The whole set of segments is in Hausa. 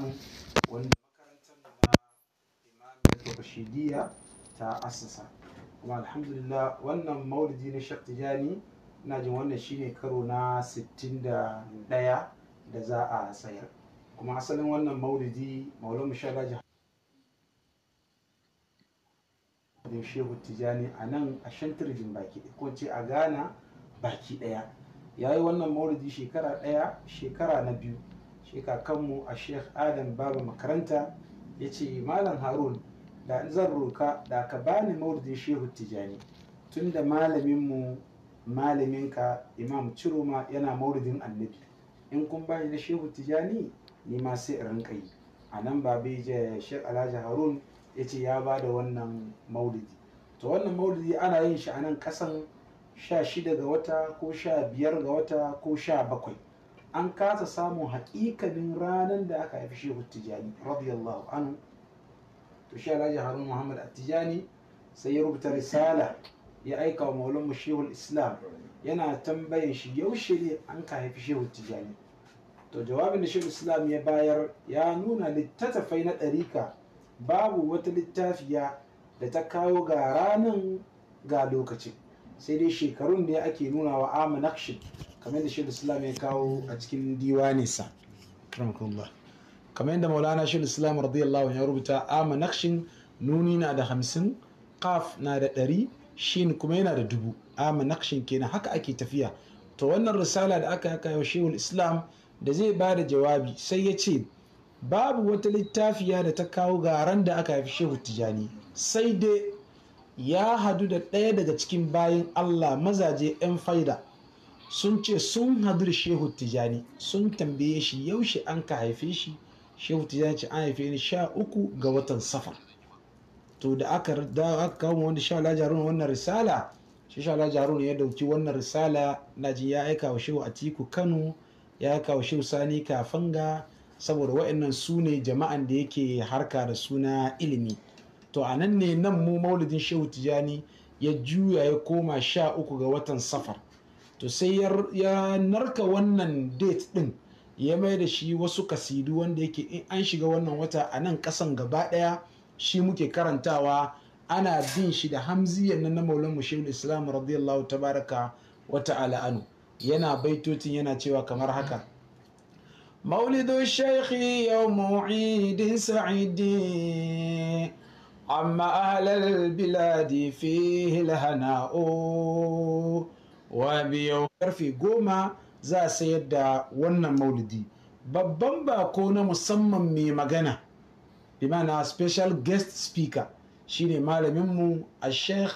wanda makarantar na Imamiyyatul ta assasa. Kuma alhamdulillah wannan maulidi na Sheikh Tijani ina jin wannan shine karo na 61 da za a tsayar. Kuma asalin wannan maulidi Maulana Shagaji da Shehu Tijani a nan a Shantirjin baki ɗaya ko ce a Ghana baki ɗaya. Ya yi wannan maulidi shekara ɗaya shekara na biyu. shi kakanmu a sheikh adam babu makaranta ya ce malam harun da zan roka da ka bani maurdin shehu tijani tunda malaminmu malaminka imam ciroma yana maulidin annabi in kun bani na shehu tijani ni ma sai in rinka yi a nan je sheikh alhaji harun ya ce ya bada wannan maulidi to wannan maulidi ana yin shi a nan kasan shida ga wata ko sha biyar ga wata ko sha bakwai. an kasa samun haƙiƙanin ranar da aka haifi shehu tijani radiyallahu anhu to shi alhaji harun muhammad tijani sai ya rubuta risala ya aika wa maulanmu shehu islam yana tambayin shi yaushe ne an ka haifi shehu tijani to jawabin da shehu islam ya bayar ya nuna littattafai na ɗarika babu wata littafiya da ta kawo ga ranar ga lokacin sai dai shekarun da ake nuna wa amanakshi kamar da shirin islam ya kawo a cikin diwanisa rahmatullah kamar yadda maulana shirin islam radiyallahu ya rubuta ama naqshin nuni na da hamsin kaf na da ɗari shin kuma yana da dubu ama naqshin kenan haka ake tafiya to wannan risala da aka haka yau shehu islam da zai ba da jawabi sai ya ce babu wata littafiya da ta kawo garan da aka haifi shehu tijani sai dai ya hadu da ɗaya daga cikin bayan allah mazaje 'yan faida sun ce sun hadu da shehu tijani sun tambaye shi yaushe an ka haife shi shehu tijani ce an haife ni sha uku ga watan safar to da aka kawo wanda sha alhaji jaruna wannan risala shi sha alhaji jaruna ya dauki wannan risala na ji ya aika wa shehu atiku kano ya aika wa shehu sani kafanga saboda wa'annan su ne jama'an da yake harka da suna ilimi to a nan ne nan mu maulidin shehu tijani ya juya ya koma sha uku ga watan safar to sai ya narka wannan date din ya mai da shi wasu kasidu wanda yake in an shiga wannan wata a nan kasan gaba daya shi muke karantawa ana bin shi da hamziyan na maulan mushehul islam radiyallahu ta baraka wata ala'anu yana baitotin yana cewa kamar haka مولد shaikhi yau عيد sa'idi amma ahalar biladi fi الهناء wa biyo karfe goma za a sayar da wannan maulidi babban bako na musamman mai magana bimana special guest speaker shine malaminmu a sheikh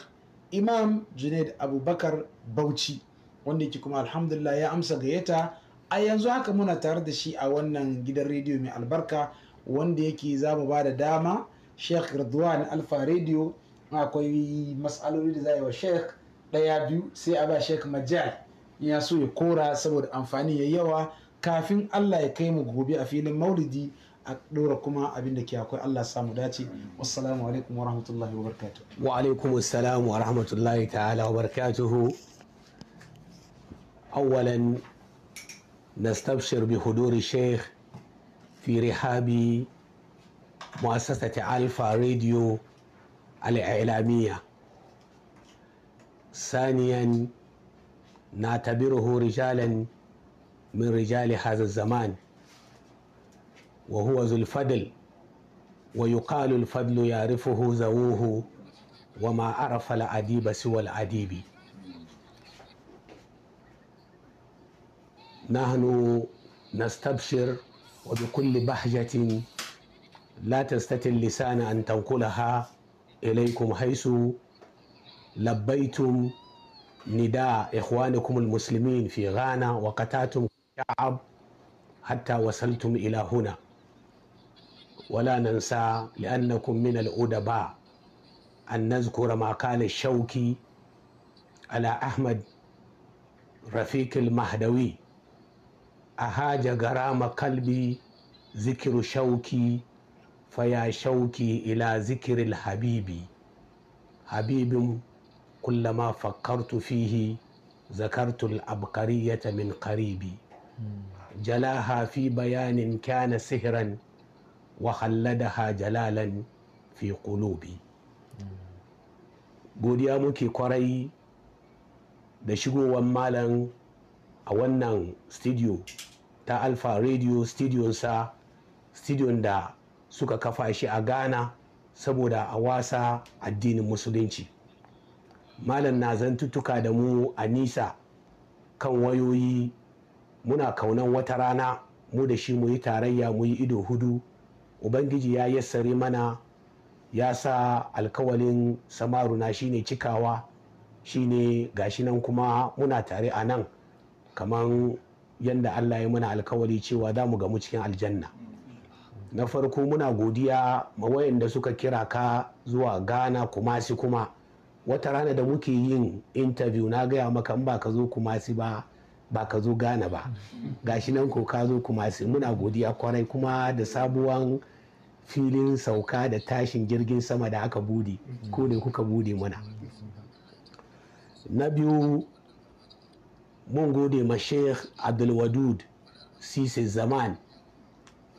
imam junaid abubakar bauchi wanda yake kuma alhamdulillah ya amsa gayyata a yanzu haka muna tare da shi a wannan gidan rediyo mai albarka wanda yake za mu ba da dama sheikh ridwan alfa rediyo akwai matsaloli da za yi wa sheikh ɗaya biyu sai a ba shek majal ya so ya kora saboda amfani ya yawa kafin allah ya kai mu gobe a filin maulidi a ɗora kuma abin da ke akwai allah samu dace wassalamu alaikum wa rahmatullahi wa barakatuhu wa alaikum assalamu wa rahmatullahi ta'ala wa barakatuhu اولا نستبشر بحضور الشيخ في رحاب مؤسسة ألفا راديو الإعلامية ثانيا نعتبره رجالا من رجال هذا الزمان وهو ذو الفضل ويقال الفضل يعرفه ذووه وما عرف الأديب سوى الأديب نحن نستبشر وبكل بهجة لا تستطيع اللسان أن تنقلها إليكم حيث لبيتم نداء إخوانكم المسلمين في غانا وقتاتم شعب حتى وصلتم إلى هنا ولا ننسى لأنكم من الأدباء أن نذكر ما قال الشوكي على أحمد رفيق المهدوي أهاج غرام قلبي ذكر شوكي فيا شوكي إلى ذكر الحبيبي حبيب kullama fakkartu fihi zakartul abkariyata min karibi jala hafi bayanin kyana sihiran wahala da jalalan fi qulubi godiya muke kwarai da shigowar malam a wannan studio ta alfa radio sa studion da suka kafa shi a ghana saboda a wasa addinin musulunci malam na zantuttuka da mu a nisa kan wayoyi muna kaunan wata rana mu da shi mu yi tarayya mu yi ido hudu ubangiji ya yassare mana ya sa alkawalin samaruna shine cikawa shine gashi nan kuma muna tare a nan kamar yadda allah ya muna alkawali cewa za mu gamu cikin aljanna na farko muna godiya ma wayanda suka kira ka zuwa ghana kumasi kuma wata rana da muke yin interview na gaya maka ba ka zo kumasi ba ba ka zo gana ba gashi nan ko ka zo kumasi muna godiya kwarai kuma da sabuwan filin sauka da tashin jirgin sama da aka bude ko ne kuka bude mana na biyu mun gode ma sheikh abdulwadud sisi zaman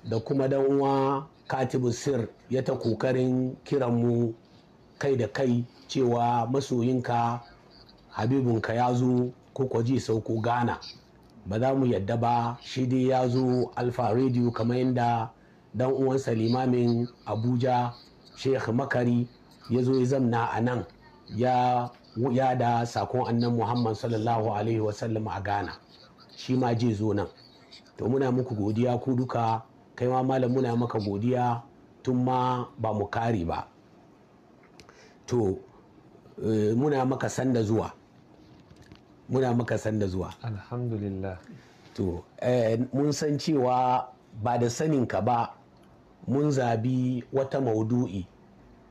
da kuma dan uwa katibu sir ya ta kokarin kiranmu kai da kai cewa masoyinka habibinka ya zo ko kwaji sauko ghana ba za mu yadda ba shi dai ya zo alfa radio kamar yadda dan uwansa limamin abuja sheikh makari ya zo ya zamna a nan ya da sakon annan muhammad sallallahu alaihi wasallam a ghana shi ma je zo nan to muna muku godiya ku duka kai ma malam muna maka godiya tun ma ba mu kare ba to eh, muna maka sanda zuwa muna maka sanda zuwa alhamdulillah to eh, mun san cewa ba da saninka ba mun zabi wata maudu'i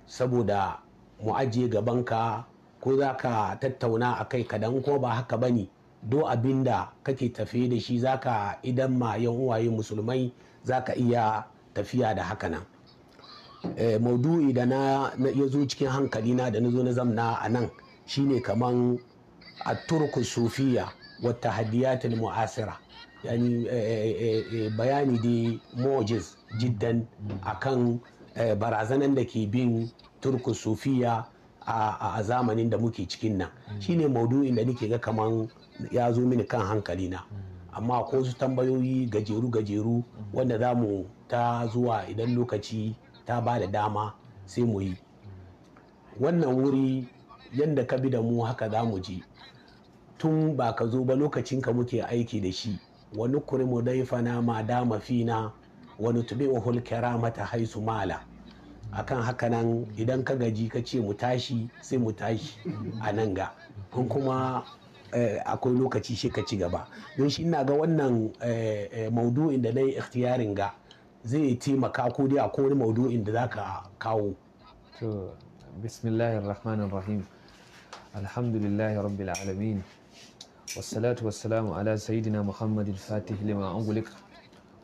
saboda mu ajiye gabanka ko za ka tattauna a kai kadan ko ba haka ba ne do abin da kake tafe da shi za ka idan ma yan uwaye musulmai za ka iya tafiya da haka nan Eh, maudu'i da na ya zo cikin hankali na da na zo na zamna a nan shine kaman a turku sufiya wata hadiyatul mu'asira yani eh, eh, bayani da mojiz jiddan akan barazanan da ke bin turku sufiya a zamanin da muke cikin nan shine maudu'in da nake ga kaman ya zo mini kan hankali na amma ko su tambayoyi gajeru gajeru wanda za mu ta zuwa idan lokaci ta ba da dama sai mu yi wannan wuri yadda ka bi da mu haka za mu ji tun ba ka zo ba lokacin ka muke aiki da shi wani kurimu daifana ma dama fina wani tube ohul mata haisu mala akan haka nan idan ka gaji ka ce mu tashi sai mu tashi a nan ga kuma eh, akwai lokaci shi ka ci gaba don shi ina ga wannan eh, eh, maudu'in da na yi ikhtiyarin ga zai taimaka ko dai a kowane maudu'in da za ka kawo to bismillahir rahmanir rahim alhamdulillahi rabbil alamin wassalatu wassalamu ala sayyidina muhammadin fatih lima angulik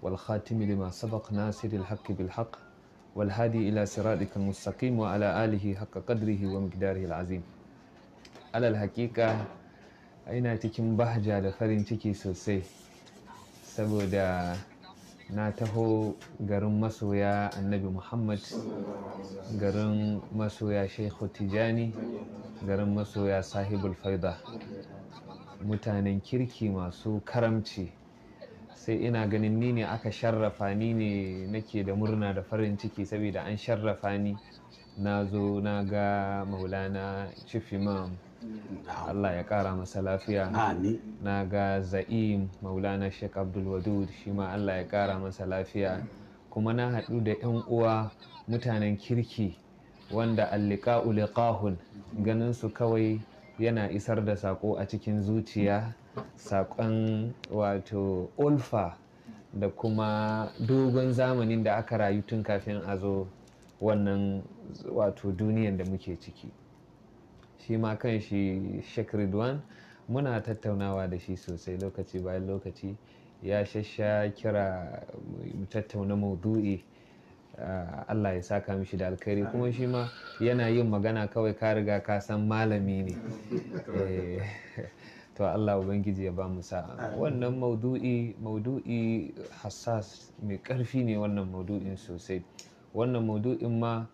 wal khatimi lima sabaq nasiril haqqi bil haqq wal hadi ila siratikal mustaqim wa ala alihi haqqa qadrihi wa miqdarihi al azim alal haqiqa ina cikin bahja da farin ciki sosai saboda na taho garin masoya annabi muhammad garin masoya sheikhu tijani garin masoya sahibul faida mutanen kirki masu karamci sai ina ganin ni ne aka sharrafa ni ne nake da murna da farin ciki saboda an sharrafa ni na zo na ga maulana chief imam Allah ya ƙara masa lafiya na ga za'im maulana sheikh Wadud shi ma Allah ya ƙara masa lafiya kuma na haɗu da 'yan uwa mutanen kirki wanda allika uliqahun ganin su kawai yana isar da sako a cikin zuciya sakon wato ulfa da kuma dogon zamanin da aka rayu tun kafin a zo wannan wato duniyan da muke ciki shi ma kan shi Sheikh Ridwan muna tattaunawa da shi sosai lokaci bayan lokaci ya shasha kira tattauna maudu'i ah, Allah ya saka mishi da alkhairi kuma shi ma yana yin magana kawai ka riga ka san malami ne eh, to Allah ubangiji ya ba mu sa'a wannan maudu'i maudu'i hassas mai karfi ne wannan maudu'in sosai wannan maudu'in ma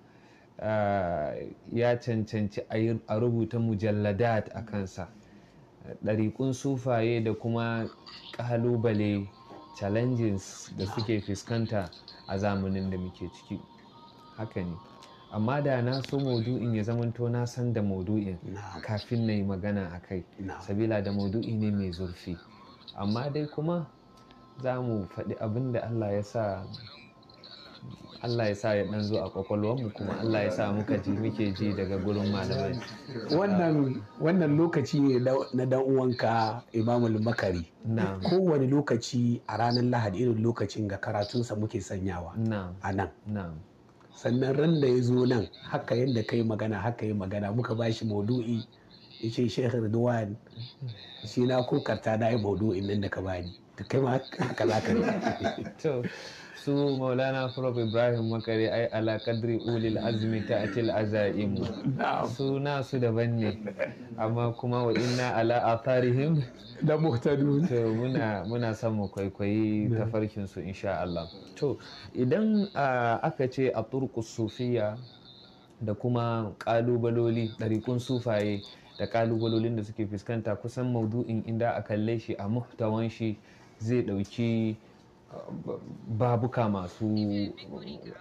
Eh, ya cancanci a rubuta mujalladat a kansa ɗariƙun sufaye da kuma ƙalubale challenges da suke fuskanta a zamanin da muke ciki haka ne amma da na so maudu'in ya zamanto na san da maudu'in kafin na yi magana a kai sabila da maudu'i ne mai zurfi amma dai kuma za mu faɗi abin da allah ya sa Allah ya sa ya dan zo a kwakwalwarmu kuma Allah ya sa muka ji muke ji daga gurin malamai wannan lokaci ne na dan uwanka Imamul Makari kowane lokaci a ranar Lahadi irin lokacin ga karatunsa muke sanyawa a nan sannan ran da ya zo nan haka yadda kai magana haka yi magana muka ba shi maudu'i ya ce shekh Ridwan shi na kokarta na yi maudu'in nan da ka bani kai ma haka za ka yi. su maulana prof ibrahim makare ai ala kadri ulil azmi ta atil azaimu su na su daban ne amma kuma wa inna ala atharihim da muhtadu to muna muna son mu kwaikwayi tafarkin su insha Allah to idan aka ce a turku sufiya da kuma kalubaloli ɗarikun sufaye da kalubalolin da suke fuskanta kusan maudu'in inda a kalle shi a muhtawan shi zai ɗauki babuka masu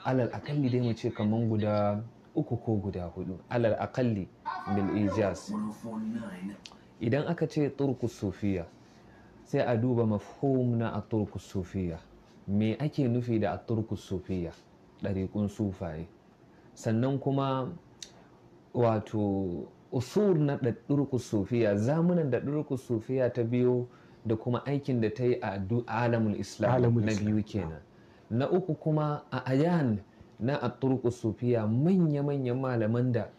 alal akalli dai mace kamar kaman guda uku ko guda hudu alal akalli bil ijaz idan aka ce turku sufiya sai a duba mafhum na a turku sufiya me ake nufi da a turku sufiya ɗariƙun sufaye sannan kuma wato usur na ɗaɗɗurku sufiya zamunan da ɗurku sufiya ta biyo da kuma aikin da ta yi a alamul islam na biyu kenan na uku kuma a ayan na aturku sufiya manya-manyan malaman da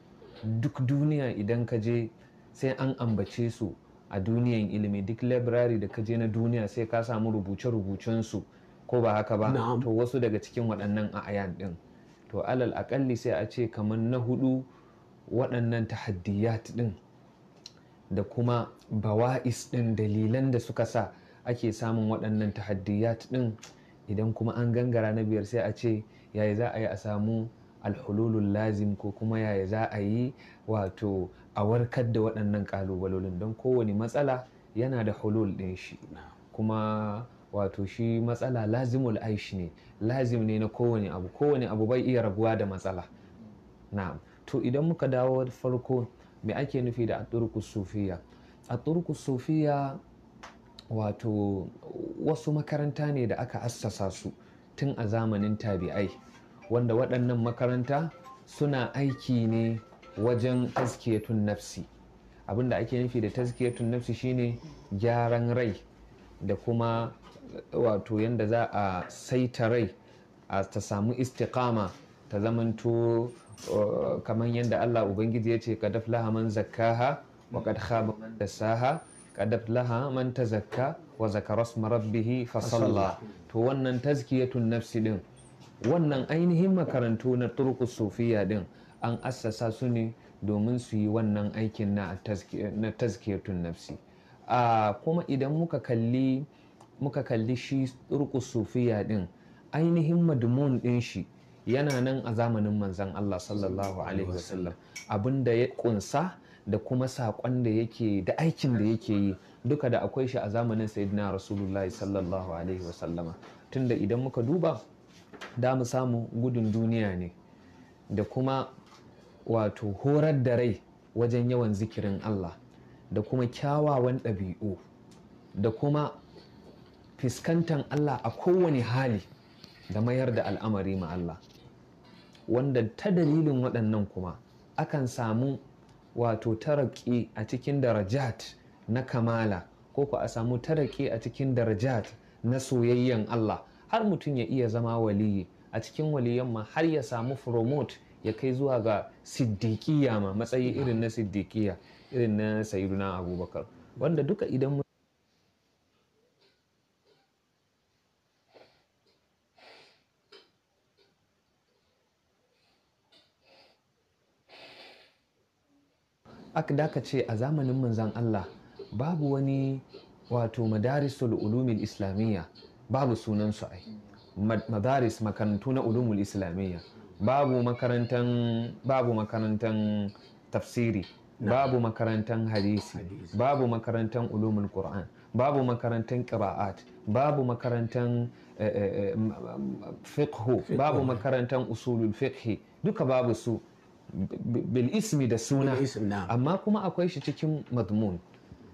duk duniya idan ka je sai an ambace su a duniyan ilimi duk library da ka je na duniya sai ka samu rubuce rubucen su ko ba haka ba to wasu daga cikin waɗannan a ayan ɗin to alal akalli sai a ce kamar na hudu waɗannan tahaddiyat ɗin da kuma bawa'is ɗin dalilan da suka sa ake samun waɗannan tahaddiyat ɗin idan kuma an gangara na biyar sai a ce yaya za a yi a samu alhululul lazim ko kuma yaya za a yi wato a warkar da waɗannan ƙalubalolin don kowane matsala yana da hulul ɗin shi kuma wato shi matsala lazimul aishi ne lazim ne na kowane abu kowane abu bai iya rabuwa da matsala na'am to idan muka dawo farko me ake nufi da aturku sufiya aturku sufiya wato wasu makaranta ne da aka assasa su tun a zamanin tabi'ai wanda waɗannan makaranta suna aiki ne wajen tazkiyatun nafsi abinda ake nufi da tazkiyatun nafsi shine gyaran rai da kuma eh, wato yadda za a saita rai a ta samu istikama ta zamanto kamar yadda Allah Ubangiji ya ce daf laha man zakkaha wa kad khaba man dasaha daf laha man tazakka wa zakara rabbihi fa salla to wannan tazkiyatun nafsi din wannan ainihin makarantu na turku sufiya din an assasa su ne domin su yi wannan aikin na tazkiyatun nafsi kuma idan muka kalli shi turku sufiya din ainihin madmun din shi yana nan a zamanin manzan Allah sallallahu alaihi wasallam abin da ya kunsa da kuma saƙon da yake da aikin da yake yi duka da akwai shi a zamanin sayyidina rasulullahi sallallahu alaihi wasallama tunda idan muka duba da mu samu gudun duniya ne da kuma wato horar da rai wajen yawan zikirin Allah da kuma kyawawan ɗabi'u da kuma fiskantan Allah a kowane hali da mayar da al'amari ma Allah wanda ta dalilin waɗannan kuma akan samu wato taraki a cikin darajat na kamala ko ku a samu taraki a cikin darajat na soyayyen Allah har mutum ya iya zama waliyi a cikin waliyan ma har ya samu promote ya kai zuwa ga siddiƙiya ma matsayi irin na siddiƙiya irin na sayiduna abubakar wanda duka idan da ka ce a zamanin manzan Allah babu wani wato madarisul ulumil islamiyya babu sunan su ai madaris makarantu na ulumul islamiyya babu makarantan babu makarantan tafsiri babu makarantan hadisi babu makarantan ulumul qur'an babu makarantan qira'at babu makarantan eh, eh, eh, fiqhu babu makarantan usulul fiqhi duka babu su bil ismi da suna amma kuma akwai shi cikin madmun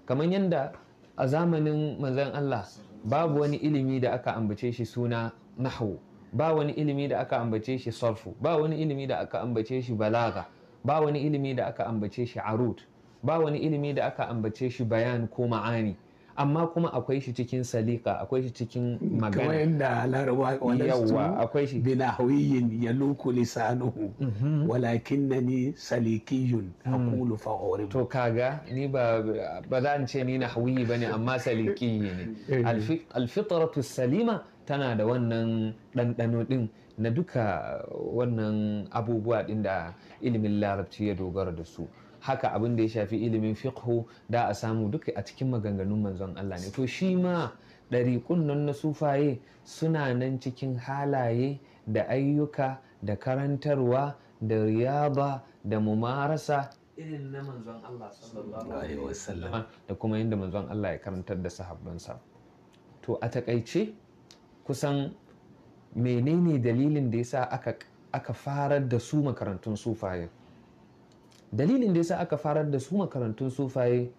kamar yadda a zamanin manzon Allah babu wani ilimi da aka ambace shi suna nahwu ba wani ilimi da aka ambace shi sarfu ba wani ilimi da aka ambace shi balaga ba wani ilimi da aka ambace shi arut ba wani ilimi da aka ambace shi bayan ko ma'ani amma kuma akwai shi cikin salika akwai shi cikin magana kamar yadda laraba yawa akwai shi bila hawiyin ya luku lisanuhu mhm. walakin na ni salikiyun hmm. aqulu fa to kaga ni ba ba za ce ni na hawiyi bane amma salikiyi ne eh. alfitratu salima tana da wannan ɗanɗano ɗin na duka wannan abubuwa ɗin da ilimin larabci ya dogara da su haka abin da ya shafi ilimin fiqhu da a samu duka a cikin maganganun manzon Allah ne to shi ma ɗariƙun nan na sufaye suna nan cikin halaye da ayyuka da karantarwa da riyaba da mumarasa irin na manzon Allah sallallahu alaihi da kuma yadda manzon Allah ya karantar da sahabbansa to a takaice kusan menene dalilin da yasa aka aka farar da su makarantun sufaye dalilin da yasa aka farar da su makarantun sufaye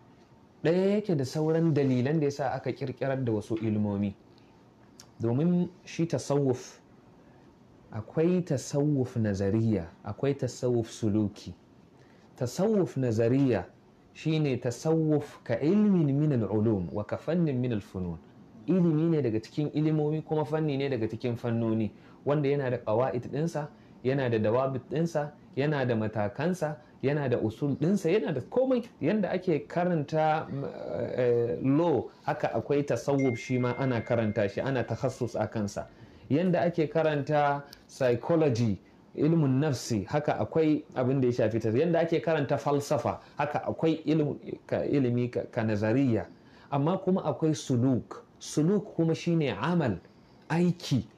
ɗaya yake da sauran dalilan da yasa aka kirkirar da wasu ilmomi domin shi tasawuf akwai tasawuf nazariya akwai tasawuf suluki tasawuf nazariya shine tasawuf ka ilmin min ulum wa ka fannin min funun ilimi ne daga cikin ilimomi kuma fanni ne daga cikin fannoni wanda yana da ƙawa'id ɗinsa yana da dawabit ɗinsa yana da matakansa yana da usul ɗinsa yana da komai yadda ake karanta eh, eh, lo haka akwai tasawuf shi ma ana karanta shi ana takhasus a kansa yadda ake karanta psychology ilmin nafsi haka akwai abin da ya shafi ta yadda ake karanta falsafa haka akwai ilimi ka nazariya amma kuma akwai suluk suluk kuma shine amal aiki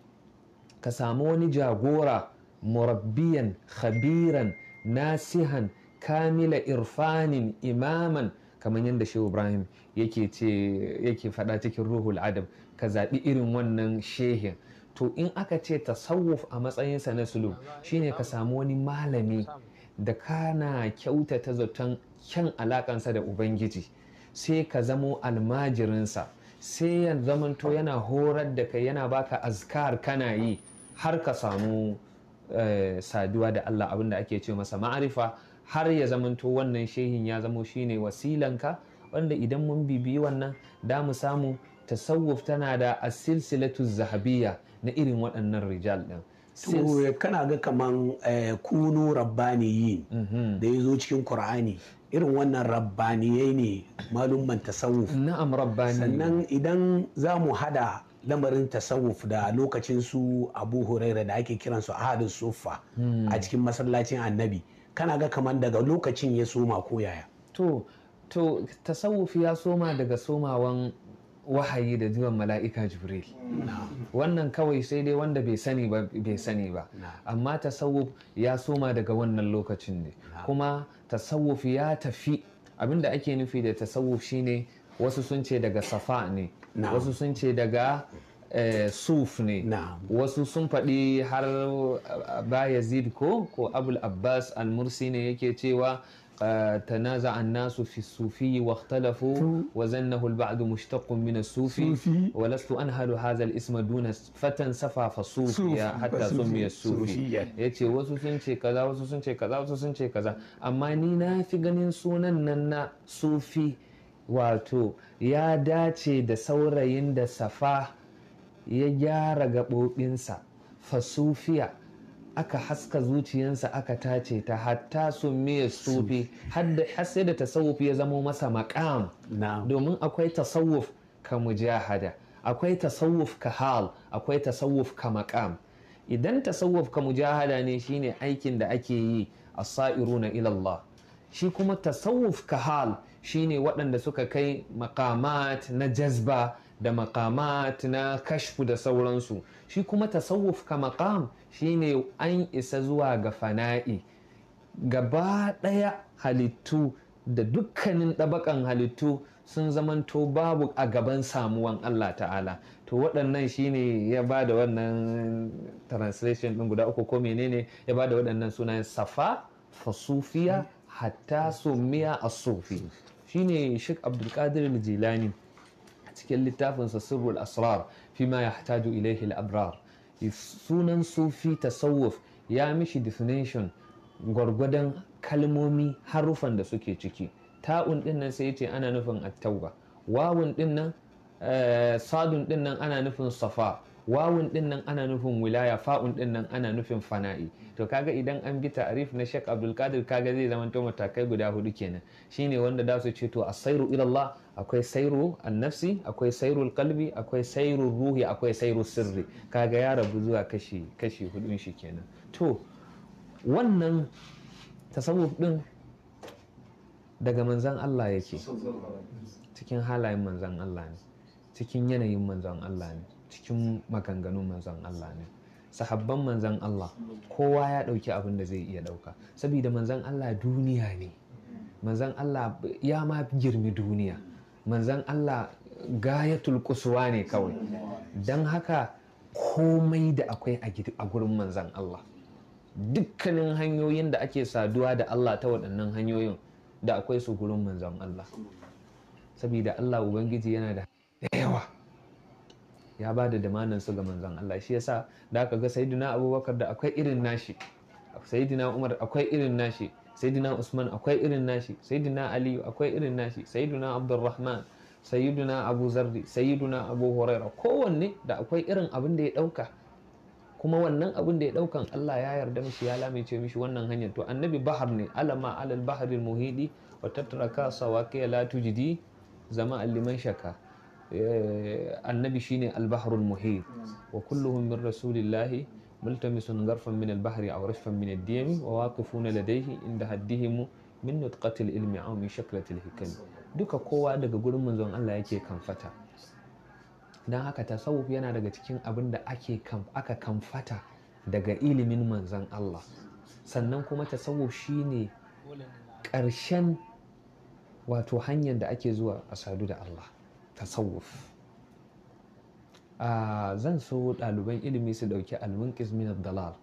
ka samu wani jagora murabbiyan khabiran nasihan kamila irfanin imaman kamar yadda shehu ibrahim yake ke faɗa cikin ruhul adam ka zaɓi irin wannan shehin to in aka ce tasawuf a matsayinsa na sulub shine ka samu wani malami da kana kyautata zaton kyan alakansa da ubangiji sai ka zamo almajirinsa sai ya zamanto yana horar da kai yana baka azkar kana yi har ka samu eh, saduwa da allah abinda ake ce masa ma'arifa har ya zamanto wannan shehin ya zamo shine wasilanka wanda idan mun bibiyi wannan da mu samu tasawuf tana da asilsilatu zahabiyya na irin waɗannan rijal ɗin to kana ga kaman eh, kunu rabbaniyin mhm. da ya zo cikin qur'ani irin wannan rabbaniyai ne malumman tasawuf na'am rabbani sannan idan za mu hada lamarin tasawuf da lokacin su abu huraira da ake kiransu ahadin sufa hmm. a cikin masallacin annabi kana ga kamar daga lokacin ya soma ko yaya to to tasawufi ya soma daga somawan wahayi da zuwan mala'ika jibril wannan kawai sai dai wanda bai sani ba bai sani ba amma tasawuf ya soma daga wannan lokacin ne kuma tasawuf ya tafi abinda ake nufi da tasawuf shine wasu sun ce daga safa ne wasu sun ce daga Eh, suf ne wasu sun faɗi har ba eh, bayazid ko ko abul abbas al-mursi ne yake cewa eh, Wa zan تنازع الناس في الصوفي واختلفوا وزنه البعض مشتق من الصوفي ولست أنهل هذا الاسم دون فتن سفا فصوفيا حتى سمي Ya ce wasu sun ce kaza wasu sun ce kaza wasu sun ce kaza amma ni na fi ganin sunan nan na sufi wato ya dace da saurayin da safa ya gyara gaɓoɓinsa fasufiya aka haska zuciyarsa aka tace ta hatta su miye sufi har sai da tasawuf ya zamo masa maƙam domin akwai tasawuf ka mujahada akwai tasawuf ka hal akwai tasawuf ka maƙam idan tasawuf ka mujahada ne shine aikin da ake yi a sa'iru na ilallah shi kuma tasawuf ka hal shine waɗanda suka kai makamat na jazba da makamat na kashfu da sauransu shi kuma tasawuf ka makam shine an isa zuwa ga fana'i gaba ɗaya halittu da dukkanin ɗabakan halittu sun zamanto babu a gaban samuwan Allah ta'ala to waɗannan shine ya ba da wannan translation ɗin guda uku ko menene ya ba da waɗannan sunayen safa fasufiya hatta sumiya asufi shine shi abdulkadir jilani cikin littafinsa sirrul asrar fi ma yahtaju ilaihi al-abrar sunan sufi tasawuf ya mishi definition gwargwadon kalmomi harufan da suke ciki ta'un din nan sai yace ana nufin at-tauba wawun din nan eh, sadun din nan ana nufin safa wawun din nan ana nufin wilaya fa'un din nan ana nufin fana'i to kaga idan an bi ta'rif na Sheikh Abdul Qadir kaga zai zama to matakai guda hudu kenan shine wanda da su ce to asairu ila Allah akwai sairu annafsi akwai sairul kalbi akwai sairu ruhi akwai sairu sirri kaga ya rabu zuwa kashi kashi hudun shi kenan to wannan tasawuf din daga manzan Allah yake cikin halayen manzan Allah ne cikin yanayin manzan Allah ne cikin maganganun manzan Allah ne sahabban manzan Allah kowa ya ɗauki abin da zai iya ɗauka saboda manzan Allah duniya ne manzan Allah ya ma girmi duniya manzan Allah gayatul kusuwa ne kawai don haka komai da akwai a gurin manzan Allah dukkanin hanyoyin da ake saduwa da Allah ta waɗannan hanyoyin da akwai su gurin manzan Allah saboda Allah Ubangiji yana da yawa ya ba da damanin su ga manzan Allah shi yasa da aka ga sayidina Abubakar da akwai irin nashi sayidina Umar akwai irin nashi sayyidina usman akwai irin nashi sayyidina aliyu akwai irin nashi sayyidina abdurrahman sayyiduna abu zarri sayyiduna abu huraira kowanne da akwai irin abin da ya dauka kuma wannan abin da ya daukan Allah ya yarda mishi ya lamice mishi wannan hanyar to annabi bahar ne alama alal bahri muhidi wa tatraka sawaqi la tujdi zama alliman shaka eh, annabi shine al bahrul muhid wa kulluhum min rasulillahi ملتمس غرفا من البحر أو رشفا من الديم وواقفون لديه عند حدهم min nutqatil ilmi aw min shaklatil hikam duka kowa daga gurin manzon Allah yake kamfata dan haka tasawuf yana daga cikin abin da ake aka kamfata daga ilimin manzon Allah sannan kuma tasawuf shine ƙarshen wato hanyar da ake zuwa a sadu da Allah tasawuf Ah, zan so ɗaliban ilimi su ɗauki almunqis min dalal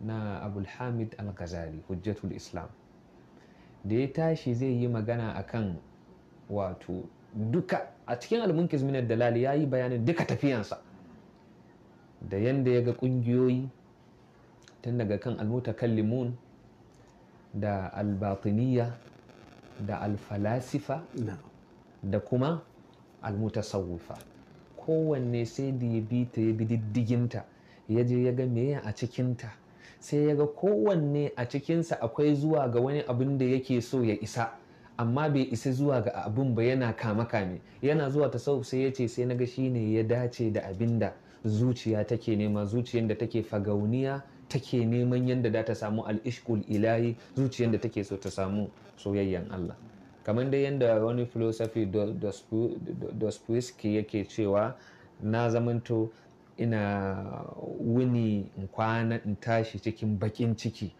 na abulhamid al-ghazali hujjatul islam da ya tashi zai yi magana akan wato duka a cikin almunqis min dalal ya yi bayanin duka tafiyansa da yadda ya ga ƙungiyoyi tun daga kan almutakallimun da albatiniya da alfalasifa da kuma almutasawwifa kowanne sai da ya bi ta ya bi diddiginta ya je ya ga meye a cikinta sai ya ga kowanne a cikinsa akwai zuwa ga wani abin da yake so ya isa amma bai isa zuwa ga abin ba yana kama kame yana zuwa ta sau sai ya ce sai na ga shine ya dace da abin da zuciya take nema zuciyar da take fagauniya take neman yadda za ta samu al'ishkul ilahi zuciyar da take so ta samu soyayyen Allah kamar da yadda wani philosophy dostoevsky yake cewa na zamanto ina wuni in kwana in tashi cikin bakin ciki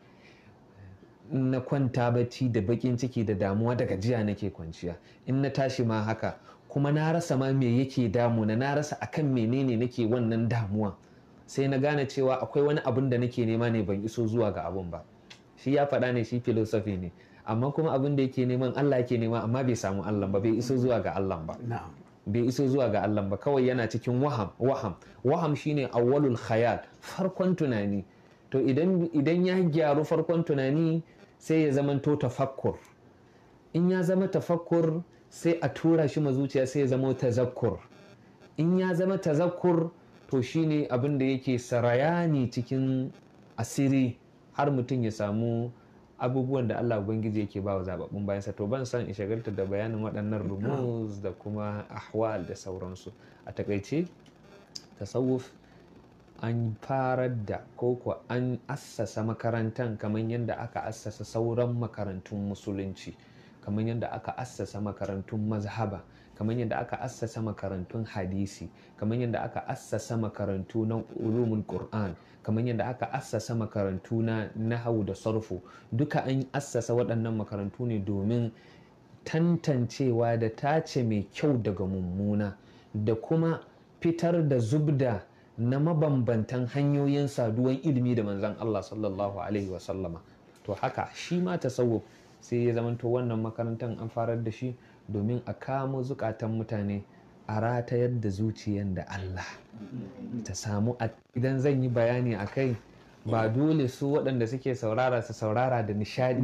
in na kwanta bacci da bakin ciki da damuwa da jiya nake kwanciya in na tashi ma haka kuma na rasa ma me yake damuna na rasa akan menene nake wannan damuwa sai na gane cewa akwai wani abun da nake nema ne ban iso zuwa ga abun ba shi ya faɗa ne shi filosofi ne amma kuma abin da yake neman Allah yake nema amma bai samu Allah ba bai iso zuwa ga Allah ba bai iso zuwa ga Allah ba kawai yana cikin waham waham waham shine awwalul khayal farkon tunani to idan idan ya gyaru farkon tunani sai ya zamanto tafakkur in ya zama tafakkur sai a tura shi mazuciya sai ya zama tazakkur in ya zama tazakkur to shine abin da yake sarayani cikin asiri har mutum ya samu abubuwan da Allah Ubangiji yake ba wa zababbun bayansa to ban san in shagalta da bayanin waɗannan rumus da kuma ahwal da sauransu a takaice tasawuf an farar da koko an assasa makarantan kamar yadda aka assasa sauran makarantun musulunci kamar yadda aka assasa makarantun mazhaba kamar yadda aka assasa makarantun hadisi kamar yadda aka assasa makarantu na ulumul qur'an kamar yadda aka assasa makarantu na nahawu da sarfu duka an assasa waɗannan makarantu ne domin tantancewa da tace mai kyau daga mummuna da kuma fitar da zubda na mabambantan hanyoyin saduwan ilimi da manzan Allah sallallahu alaihi wasallama to haka shi ma tasawuf sai ya zamanto wannan makarantar an farar da shi domin a kamo zukatan mutane a ratayar da zuciyar da Allah ta samu idan zan yi bayani a kai ba dole su waɗanda suke saurara su saurara da nishadi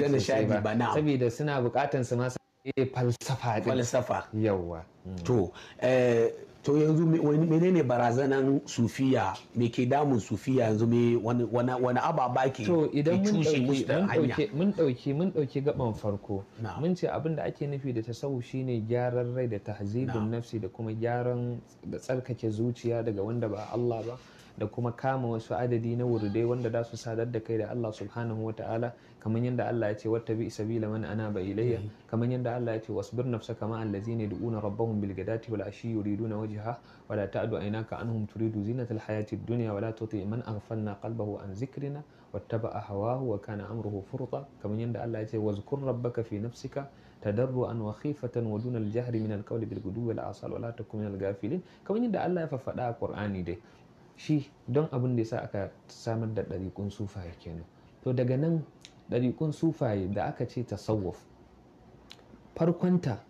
ba saboda suna bukatan su eh falsafa din falsafa yawa mm. to eh, to yanzu menene barazanan sufiya me ke damun sufiya yanzu me wani ababa ke to idan mun dauki mun dauki mun dauki gaban farko mun ce abin da ake nufi da tasawu shine gyaran rai da tahzibun nafsi da kuma gyaran da tsarkake zuciya daga wanda ba Allah ba da kuma kama wasu adadi na wurdai wanda za su sadar da kai da Allah subhanahu wa ta'ala kamar yadda Allah ya ce wata bi sabila man ana ba ilayya mm-hmm. kamar yadda Allah ya ce wasbir nafsaka ma allazina yad'una rabbahum bil ghadati wal ashi yuriduna wajha wa la ta'du aynaka anhum turidu zinatal hayati dunya wala la tuti man aghfalna qalbahu an zikrina wattaba hawahu wa kana amruhu furta kamar yadda Allah ya ce wazkur rabbaka fi nafsika an تدرعا وخيفة ودون الجهر من القول بالغدو والآصال ولا تكن kamar الغافلين allah ya الله a قرآني dai shi don abin da ya sa aka samar da ɗariƙun sufaye kenan to daga nan ɗariƙun sufaye da aka ce ta tasawuf farkonta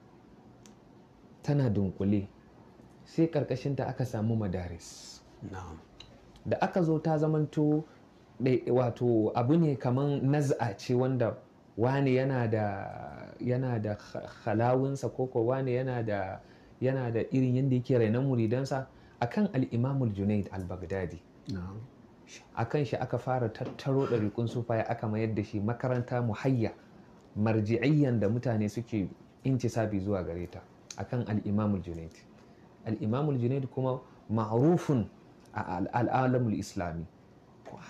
tana dunkule sai ƙarƙashin ta aka samu madaris da aka zo ta zamanto wato abu ne kamar naz'a ce wanda wani yana da halawunsa ko ko wani yana da irin yadda yake rainon muridansa akan Al'imamul junaid al-baghdadi akan shi aka fara tattaro ɗariƙun sufaya aka mayar da shi makaranta muhayya marji'ayyan da mutane suke inci intisabi zuwa gare ta akan Al'imamul junaid Al'imamul junaid kuma ma'rufun a al'alamul islami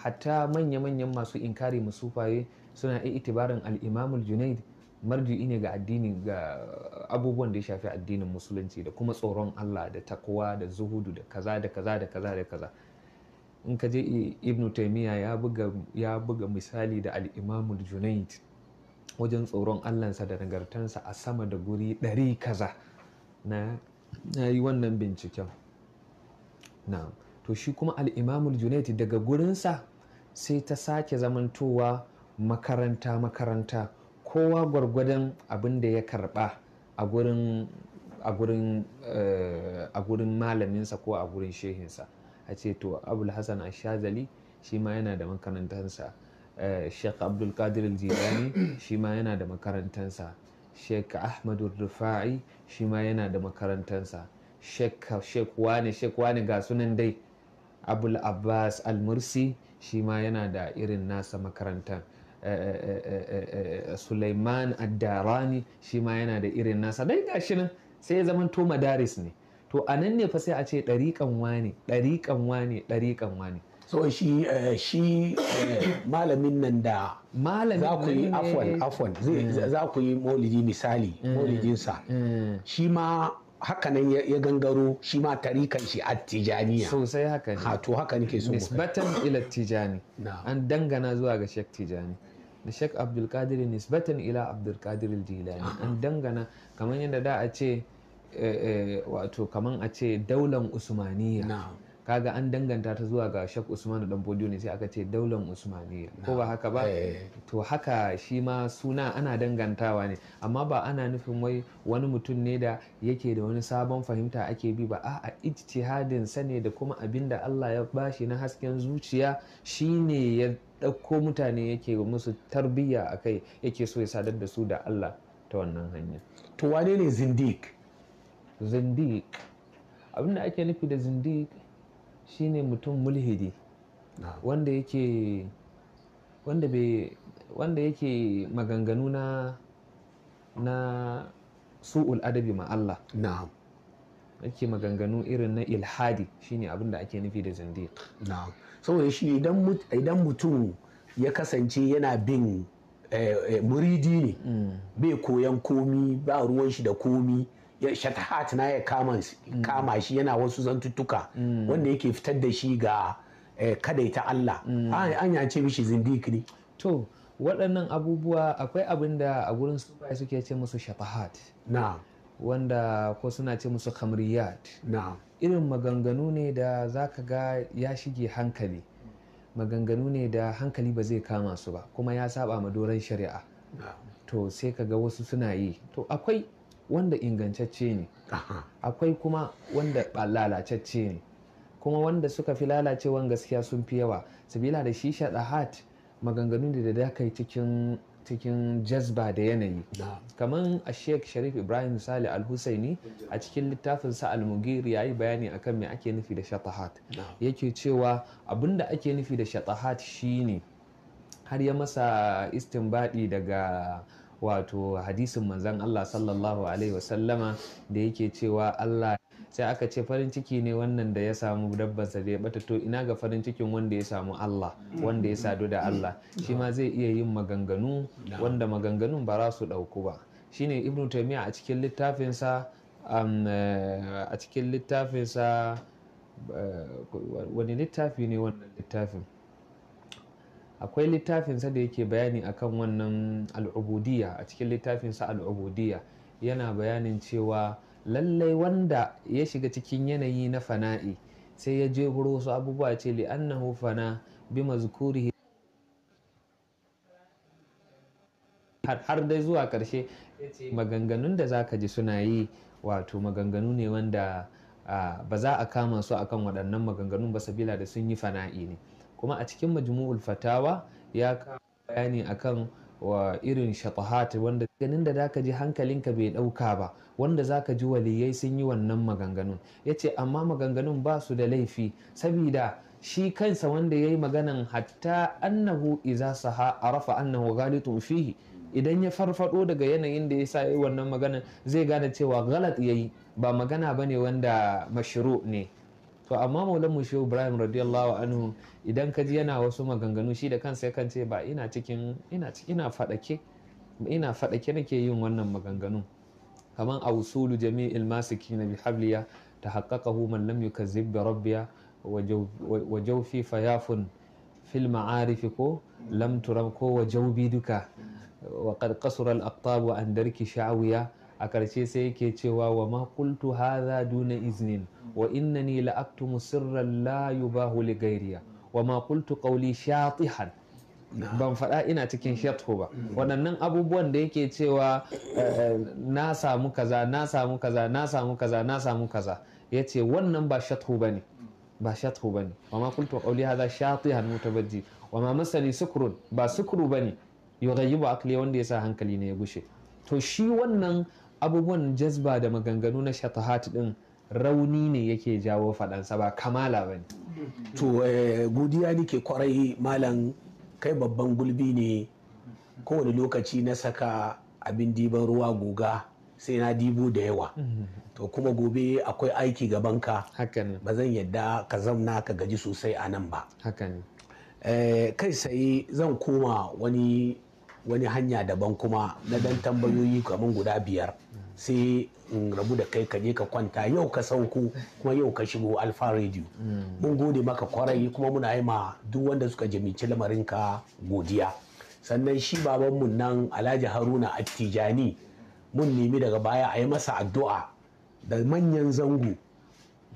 hatta manya-manyan masu inkari musufaye suna iya itibarin Al'imamul junaid marji'i ne ga addini ga abubuwan da ya shafi addinin musulunci da kuma tsoron Allah da takwa da zuhudu da kaza da kaza da kaza da kaza in ka je ibn taymiya ya buga ya buga misali da al-imam junayd wajen tsoron Allahnsa da nagartansa a sama da guri ɗari kaza na yi wannan binciken Na, to shi kuma al-imam junayd daga gurinsa sai ta sake zamantowa makaranta makaranta kowa gwargwadon abin da ya karba eh, a gurin malaminsa ko a gurin shehinsa a ce to abul hassan ashazali eh, shi ma yana da makarantarsa sheikh abdul qadir jilani shi ma yana da makarantarsa sheikh ahmadu rufa'i shi ma yana da makarantarsa sheikh wani sheikh wani ga sunan dai abul abbas al-mursi shi ma yana da irin nasa makarantar Eh, eh, eh, Suleiman Addarani shi ma yana da irin nasa dai gashi nan sai ya zama to madaris ne to a nan ne fa sai a ce ɗariƙan wani ɗariƙan wani ɗariƙan wani. so shi shi malamin nan da za ku yi afwan afwan mm. za ku yi maulidi misali mm. maulidinsa mm. shi ma haka nan ya gangaro shi ma tarikan shi a tijaniya sosai haka ne to haka nake so nisbatan ila tijani an dangana zuwa ga shek tijani da shek abdulkadir nisbatan ila abdulkadir Jilani an dangana kamar yadda da a ce eh, eh, wato kamar a ce daular Usmaniyya kaga an danganta ta zuwa ga shak usman dan bodiyo ne sai aka ce daular usmaniya ko ba haka ba eh. to haka shi ma suna ana dangantawa ne amma ba ana nufin wai wani mutum ne da yake da wani sabon fahimta ake bi ba a a ijtihadin sa ne da kuma abin da Allah ya bashi na hasken zuciya shine ya dauko mutane yake musu tarbiyya kai yake so ya sadar da su da Allah ta wannan hanya to wane ne zindik zindik abin ake nufi da zindik shine mutum mulhidi wanda yake wanda bai wanda yake maganganu na na su'ul adabi ma Allah na'am yake maganganu irin na ilhadi shine abin da ake nufi da zindiq na'am saboda shi idan mutum ya kasance yana bin eh, eh, muridi ne mm. bai koyan komi ba ruwan shi da komi shatahat na ya kama shi yana wasu zantuttuka wanda yake fitar da shi ga eh, kadaita Allah ah, an ya ce mishi zindik ne to waɗannan abubuwa akwai abin da a gurin sufai suke ce musu shatahat na wanda ko suna ce musu kamriyat na irin maganganu ne da za ka ga ya shige hankali maganganu ne da hankali ba zai kama su ba kuma ya saba ma doron shari'a to sai ka ga wasu suna yi to akwai wanda ingantacce ne akwai kuma wanda lalacacce ne kuma wanda suka fi lalacewan gaskiya sun fi yawa sabila da shi shaɗa hat maganganun da da kai cikin cikin jazba da yanayi kamar a sheikh sharif ibrahim sale al-husaini a cikin littafin sa al-mugir ya yi bayani akan me ake nufi da shatahat yake cewa abinda ake nufi da shatahat shine har ya masa istinbadi daga wato hadisin manzan Allah sallallahu alaihi wasallama da yake cewa Allah sai aka ce farin ciki ne wannan da ya samu dabbansa da ya bata to ina ga farin cikin wanda ya samu Allah wanda ya sadu da Allah shi ma zai iya yin maganganu wanda maganganun ba su ɗauku ba shine ibnu taymiya a a cikin littafinsa eh, eh, wani littafi ne wannan littafin akwai littafinsa da yake bayani akan wannan al'ubudiyya a cikin littafinsa al'ubudiyya yana bayanin cewa lallai wanda ya shiga cikin yanayi na fana'i sai ya je wasu abubuwa ce li'annahu fana bi mazkurihi har dai zuwa karshe maganganun da za ka ji suna yi wato maganganu ne wanda ba za a kama su akan waɗannan maganganun ba sabila da sun yi fana'i ne kuma a cikin majmu'ul fatawa ya kawo bayani akan wa irin shatahat wanda ganin da zaka ji hankalinka bai dauka ba wanda zaka ji waliyai sun yi wannan maganganun yace amma maganganun ba su da laifi saboda shi kansa wanda yayi maganan hatta annahu iza saha arafa annahu ghalitu fihi idan ya farfado daga yanayin da ya sa yi wannan maganan zai gane cewa galat yayi ba magana bane wanda mashru ne to amma maulan mu shehu ibrahim radiyallahu anhu idan ka ji yana wasu maganganu shi da kansa yakan ce ba ina cikin ina ina fadake ina fadake nake yin wannan maganganun kaman a jami'il masikina bi habliya tahaqqaqahu man lam yukazzib bi rabbiya wa jawfi fayafun fil ma'arif ko lam turam ko wa jawbi duka wa qad qasara al aqtab wa andarki sha'wiya a ƙarshe sai yake cewa wa ma kultu hadha duna iznin wa innani la aktumu sirran la yubahu li gairiya wa ma kultu qawli shatihan ban faɗa ina cikin shatho ba waɗannan abubuwan da yake cewa eh, eh, na samu kaza na samu kaza na samu kaza na samu kaza ya ce wannan ba shatho ba ne ba shatho ba ne wa ma kultu qawli hadha shatihan mutabajji wa ma masani sukurun ba sukuru ba ne yughayyibu akli wanda ya sa hankali ne ya gushe to shi wannan abubuwan jazba da maganganu na shatahat din rauni ne yake jawo faɗansa ba kamala ba ne. to eh, godiya ke kwarai malam kai babban gulbi ne kowane lokaci na saka abin diban ruwa goga sai na dibo da yawa to kuma gobe akwai aiki gabanka ba zan yadda ka zamna ka gaji sosai a nan ba eh, kai sai zan koma wani wani hanya daban kuma na dan tambayoyi kamar guda biyar sai in rabu da kai ka je ka kwanta yau ka sauko kuma yau ka shigo alfa radio mm. mun gode maka kwarai kuma muna yi ma duk wanda suka jamici lamarin ka godiya sannan shi babanmu nan alhaji haruna attijani mun nemi daga baya a yi masa addu'a da manyan zango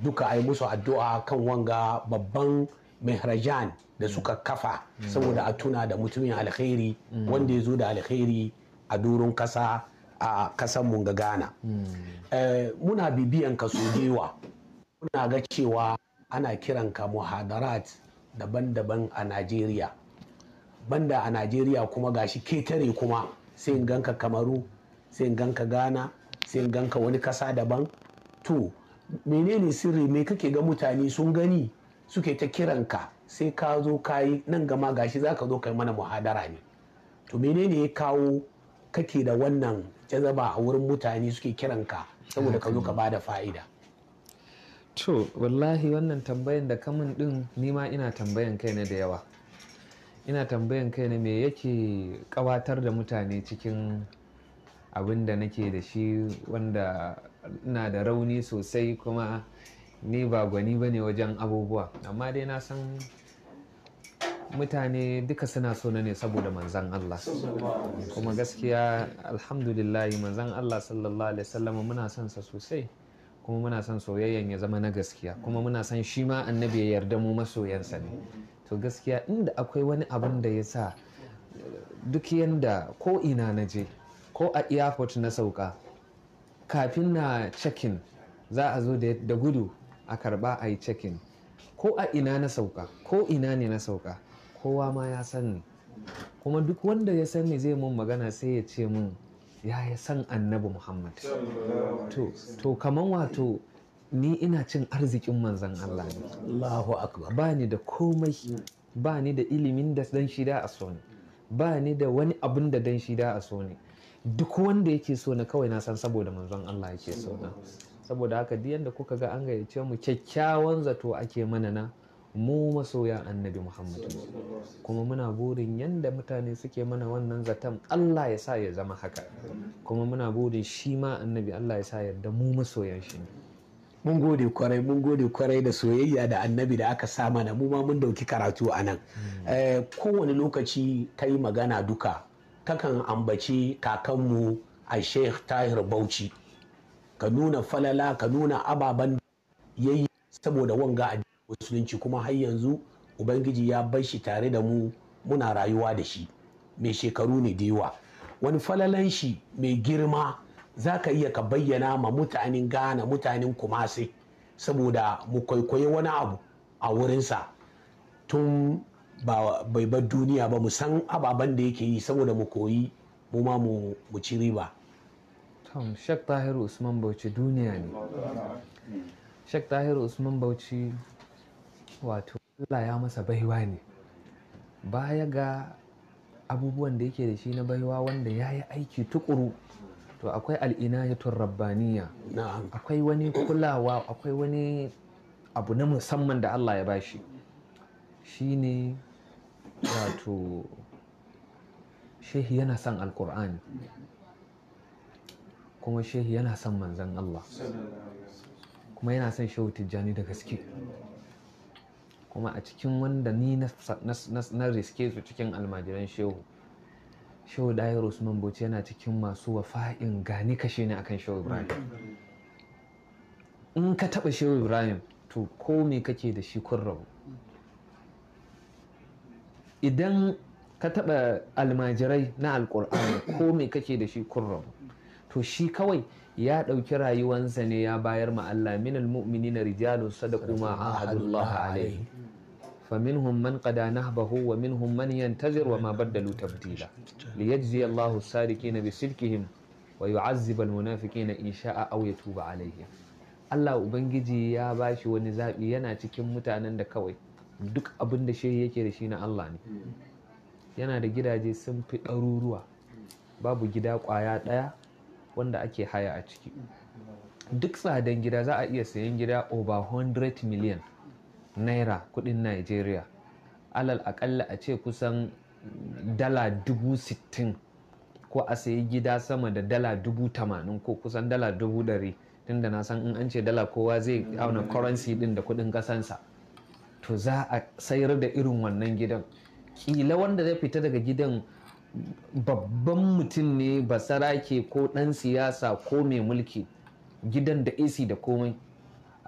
duka a yi musu addu'a kan wanga babban mihrajan da suka kafa saboda a tuna da mutumin alkhairi wanda ya zo da alkhairi a doron kasa a kasan mun ga ghana eh, muna bibiyan ka sojewa muna ga cewa ana kiran ka muhadarat daban-daban a najeriya banda a najeriya kuma gashi ketare kuma sai in ganka kamaru sai in ganka ghana sai in ganka wani kasa daban to menene sirri me kake ga mutane sun gani suke ta kiranka sai ka zo ka yi nan gama gashi za ka zo kai mana muhadara ne to menene ya kawo kake da wannan jazaba a wurin mutane suke kiranka saboda ka zo ka bada fa'ida to wallahi wannan tambayan da kamun din nima ina tambayan kaina da yawa ina tambayan kaina me yake kawatar da mutane cikin abin da nake da shi wanda na da rauni sosai kuma ni ba gwani ba ne wajen abubuwa amma dai na san mutane duka suna so na ne saboda manzan Allah kuma gaskiya alhamdulillahi manzan Allah sallallahu alaihi wasallam muna son sa sosai kuma muna son soyayyan ya zama na gaskiya kuma muna son shi ma annabi ya yarda mu masoyansa ne to gaskiya inda akwai wani abin da ya sa duk yanda ko ina na je ko a airport na sauka kafin na check-in za a zo da gudu a karba a yi cekin ko a ina na sauka ko ina ne na sauka kowa ma ya sani kuma duk wanda ya sani zai mun magana sai ya ce mun ya ya san annabi muhammad to to kaman wato ni ina cin arzikin manzan Allah ne Allahu akbar ba ni da komai ba ni da ilimin da dan shida a so ne ba ni da wani abin da dan shida a so duk wanda yake so na kawai na san saboda manzon Allah yake so na saboda haka duk yadda kuka ga an gayyace mu kyakkyawan zato ake mana na mu masoya annabi Muhammadu. kuma muna burin yadda mutane suke mana wannan zaton allah ya sa ya zama haka kuma muna burin shi ma annabi allah ya sa yadda mu masoyan shi ne mun gode kwarai mun gode kwarai da soyayya da annabi da aka sa mana mu ma mun dauki karatu a nan hmm. eh, kowane lokaci ta yi magana duka kakan ambaci kakanmu a sheikh tahir bauchi ka nuna falala ka nuna ababen ya yi saboda wanga a musulunci kuma har yanzu ubangiji ya bar shi tare da mu muna rayuwa da shi mai shekaru ne da yawa wani falalan shi mai girma za ka iya ka bayyana ma mutanen gana mutanen kumasi saboda mu kwaikwayi wani abu a wurinsa tun ba bai bar duniya ba mu san ababen da yake yi saboda mu koyi mu ma mu ci riba kam shek tahir usman bauchi duniya ne sheikh tahir usman bauchi wato allah ya masa baiwa ne baya ga abubuwan da yake da shi na baiwa wanda ya yi aiki tukuru to akwai al'inayatun rabbaniya akwai wani kulawa akwai wani abu na musamman da allah ya bashi shi ne wato shehi yana son alkur'ani kuma shehu yana son manzan Allah kuma yana son shehu tijjani da gaske kuma a cikin wanda ni na riske su cikin almajiran shehu shehu dahir usman bauchi yana cikin masu wafa'in gani kashe ne akan shehu ibrahim in ka taba shehu ibrahim to ko me kake da shi kun rabu idan ka taba almajirai na alkur'ani ko me kake da shi kun rabu to shi kawai ya ɗauki rayuwansa ne ya bayar ma Allah minal na rijalun sadaku ma ahadullah alaihi فمنهم من قد نهبه ومنهم من ينتظر وما بدلوا تبديلا ليجزي الله السارقين بسلكهم ويعذب المنافقين إن a أو tuba alaihi Allah Ubangiji ya ba shi wani zaɓi yana cikin mutanen da kawai duk abin da shi yake da shi na Allah ne yana da gidaje sun fi ɗaruruwa babu gida ƙwaya ɗaya wanda ake haya a ciki duk tsadan gida za a iya sayan gida over 100 million naira kudin nigeria alal akalla a ce kusan dala dubu sittin ko a sayi gida sama da dala dubu tamanin ko kusan dala dubu dari tunda na san in an ce dala kowa zai auna currency din da kudin kasansa to za a sayar da irin wannan gidan kila wanda zai fita daga gidan babban mutum ne ba basarake ko ɗan siyasa ko mai mulki gidan da AC da komai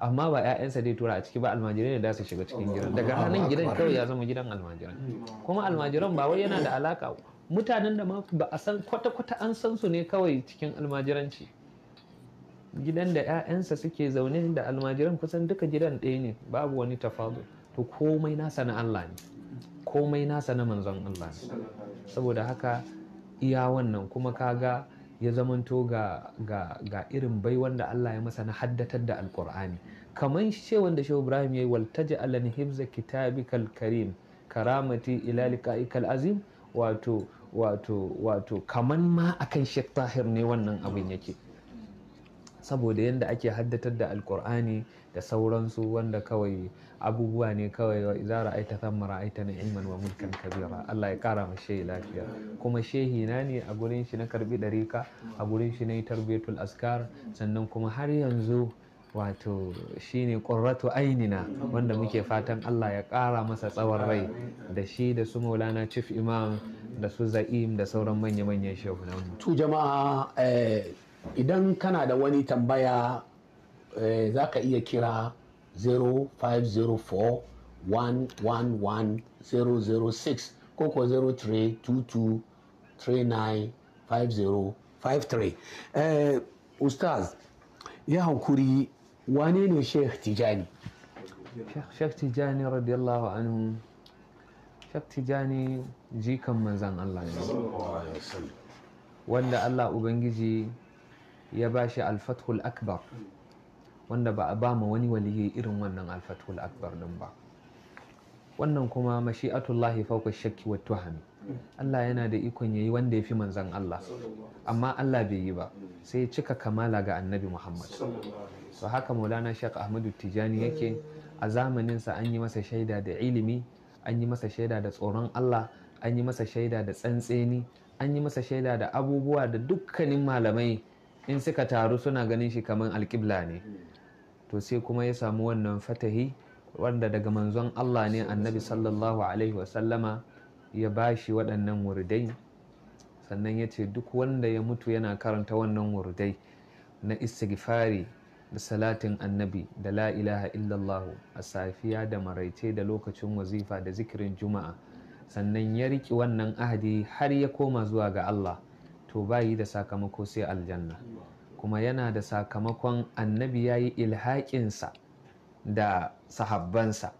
amma ba 'ya'yansa dai tura a ciki ba almajirai ne da su shiga cikin gidan daga hannun gidan kawai ya zama gidan almajiran kuma almajiran ba wai yana da alaka mutanen da ba a san kwata-kwata an san su ne kawai cikin almajiranci gidan da 'ya'yansa suke zaune da almajiran kusan duka gidan ɗaya ne babu wani tafadu to komai nasa na Allah ne komai nasa na manzon Allah ne saboda haka iya wannan kuma kaga ya zamanto ga, ga, ga irin bai wanda Allah ya masa na haddatar da alkur'ani kamar ce wanda shehu ibrahim ya yi waltaji alani hibza kitabikal karim karamati ila liqa'ikal azim wato wato wato kaman ma akan shek Tahir ne wannan abin yake saboda yadda ake haddatar da alkur'ani da sauransu wanda kawai abubuwa ne kawai wa izara ta ra'aita thamma ta na'iman wa mulkan kabira Allah ya kara ma shehi lafiya kuma shehi na ne a gurin shi na karbi ɗarika a gurin shi na yi tarbiyatul askar sannan kuma har yanzu wato shine ƙurratu ainina wanda muke fatan Allah ya kara masa tsawon rai da shi da su maulana chief imam da su za'im da sauran manya-manyan shehunan tu jama'a eh, idan kana da wani tambaya eh, za ka iya kira 0504 111006 ko ko 0322 395053 eh ustaz ya hankuri wane ne sheikh tijani sheikh tijani radiyallahu anhu sheikh tijani jikan manzan allah ne wanda allah ubangiji ya bashi alfathul akbar wanda ba a ba ma wani waliyi irin wannan alfatul akbar din ba wannan kuma mashi'atullahi fawqa shakki wa tuhami Allah yana da ikon yayi wanda ya fi manzan Allah amma Allah bai yi ba sai ya cika kamala ga annabi Muhammad so haka Maulana shek Ahmadu Tijani yake a zamaninsa an yi masa shaida da ilimi an yi masa shaida da tsoron Allah an yi masa shaida da tsantseni an yi masa shaida da abubuwa da dukkanin malamai in suka taru suna ganin shi kamar alƙibla ne to sai kuma ya samu wannan fatahi wanda daga manzon Allah ne annabi sallallahu alaihi wasallama ya bashi waɗannan wurdai sannan ya ce duk wanda ya mutu yana karanta wannan wurdai na istighfari da salatin annabi da la ilaha illallahu a safiya da maraice da lokacin wazifa da zikirin juma'a sannan ya riƙe wannan ahadi har ya koma zuwa ga Allah to bayi da sakamako sai aljanna kuma yana da sakamakon annabi ya yi ilhaƙinsa da sahabbansa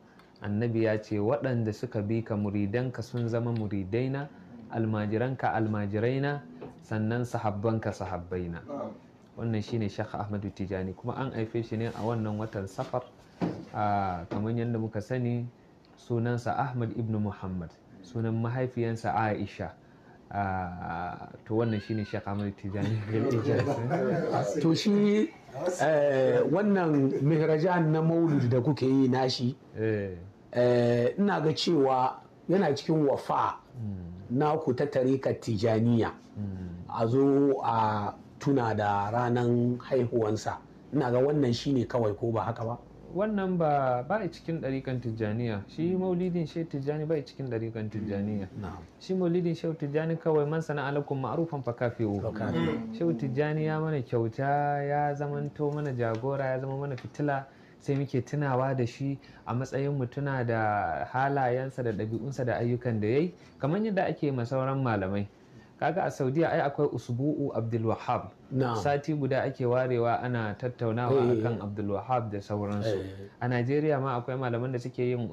annabi ya ce waɗanda suka bi ka muridanka sun zama muridaina almajiranka almajiraina sannan sahabbanka sahabbaina wannan shine shekha ahmadu tijani kuma an haife shi ne a wannan watan safar kamar yadda muka sani sunansa ahmad ibn muhammad sunan mahaifiyansa aisha Ah, to wannan shine Sheikh Ahmad Tijani to shi eh, wannan mihrajan na maulud da kuke yi nashi eh. Eh, ina ga cewa yana cikin wafa hmm. na ku ta tarikar tijaniya hmm. a zo a tuna da ranar haihuwansa ina ga wannan shine kawai ko ba haka ba wannan ba ba cikin ɗarikan tijjaniya shi hmm. maulidin shi tijjani ba cikin ɗarikan tijjaniya hmm. shi maulidin shi tijjani kawai man sana alakun ma'arufan fakafewo hmm. shi tijjani ya mana kyauta ya zamanto mana jagora ya zama mana fitila sai muke tunawa da shi a matsayin mutuna da halayensa da ɗabi'unsa da ayyukan da yayi kamar yadda ake ma sauran malamai kaga a saudiya ai akwai usbu'u abdulwahab sati guda ake warewa ana tattaunawa eh, eh, eh. akan abdulwahab da sauransu a najeriya ma akwai malaman da suke yin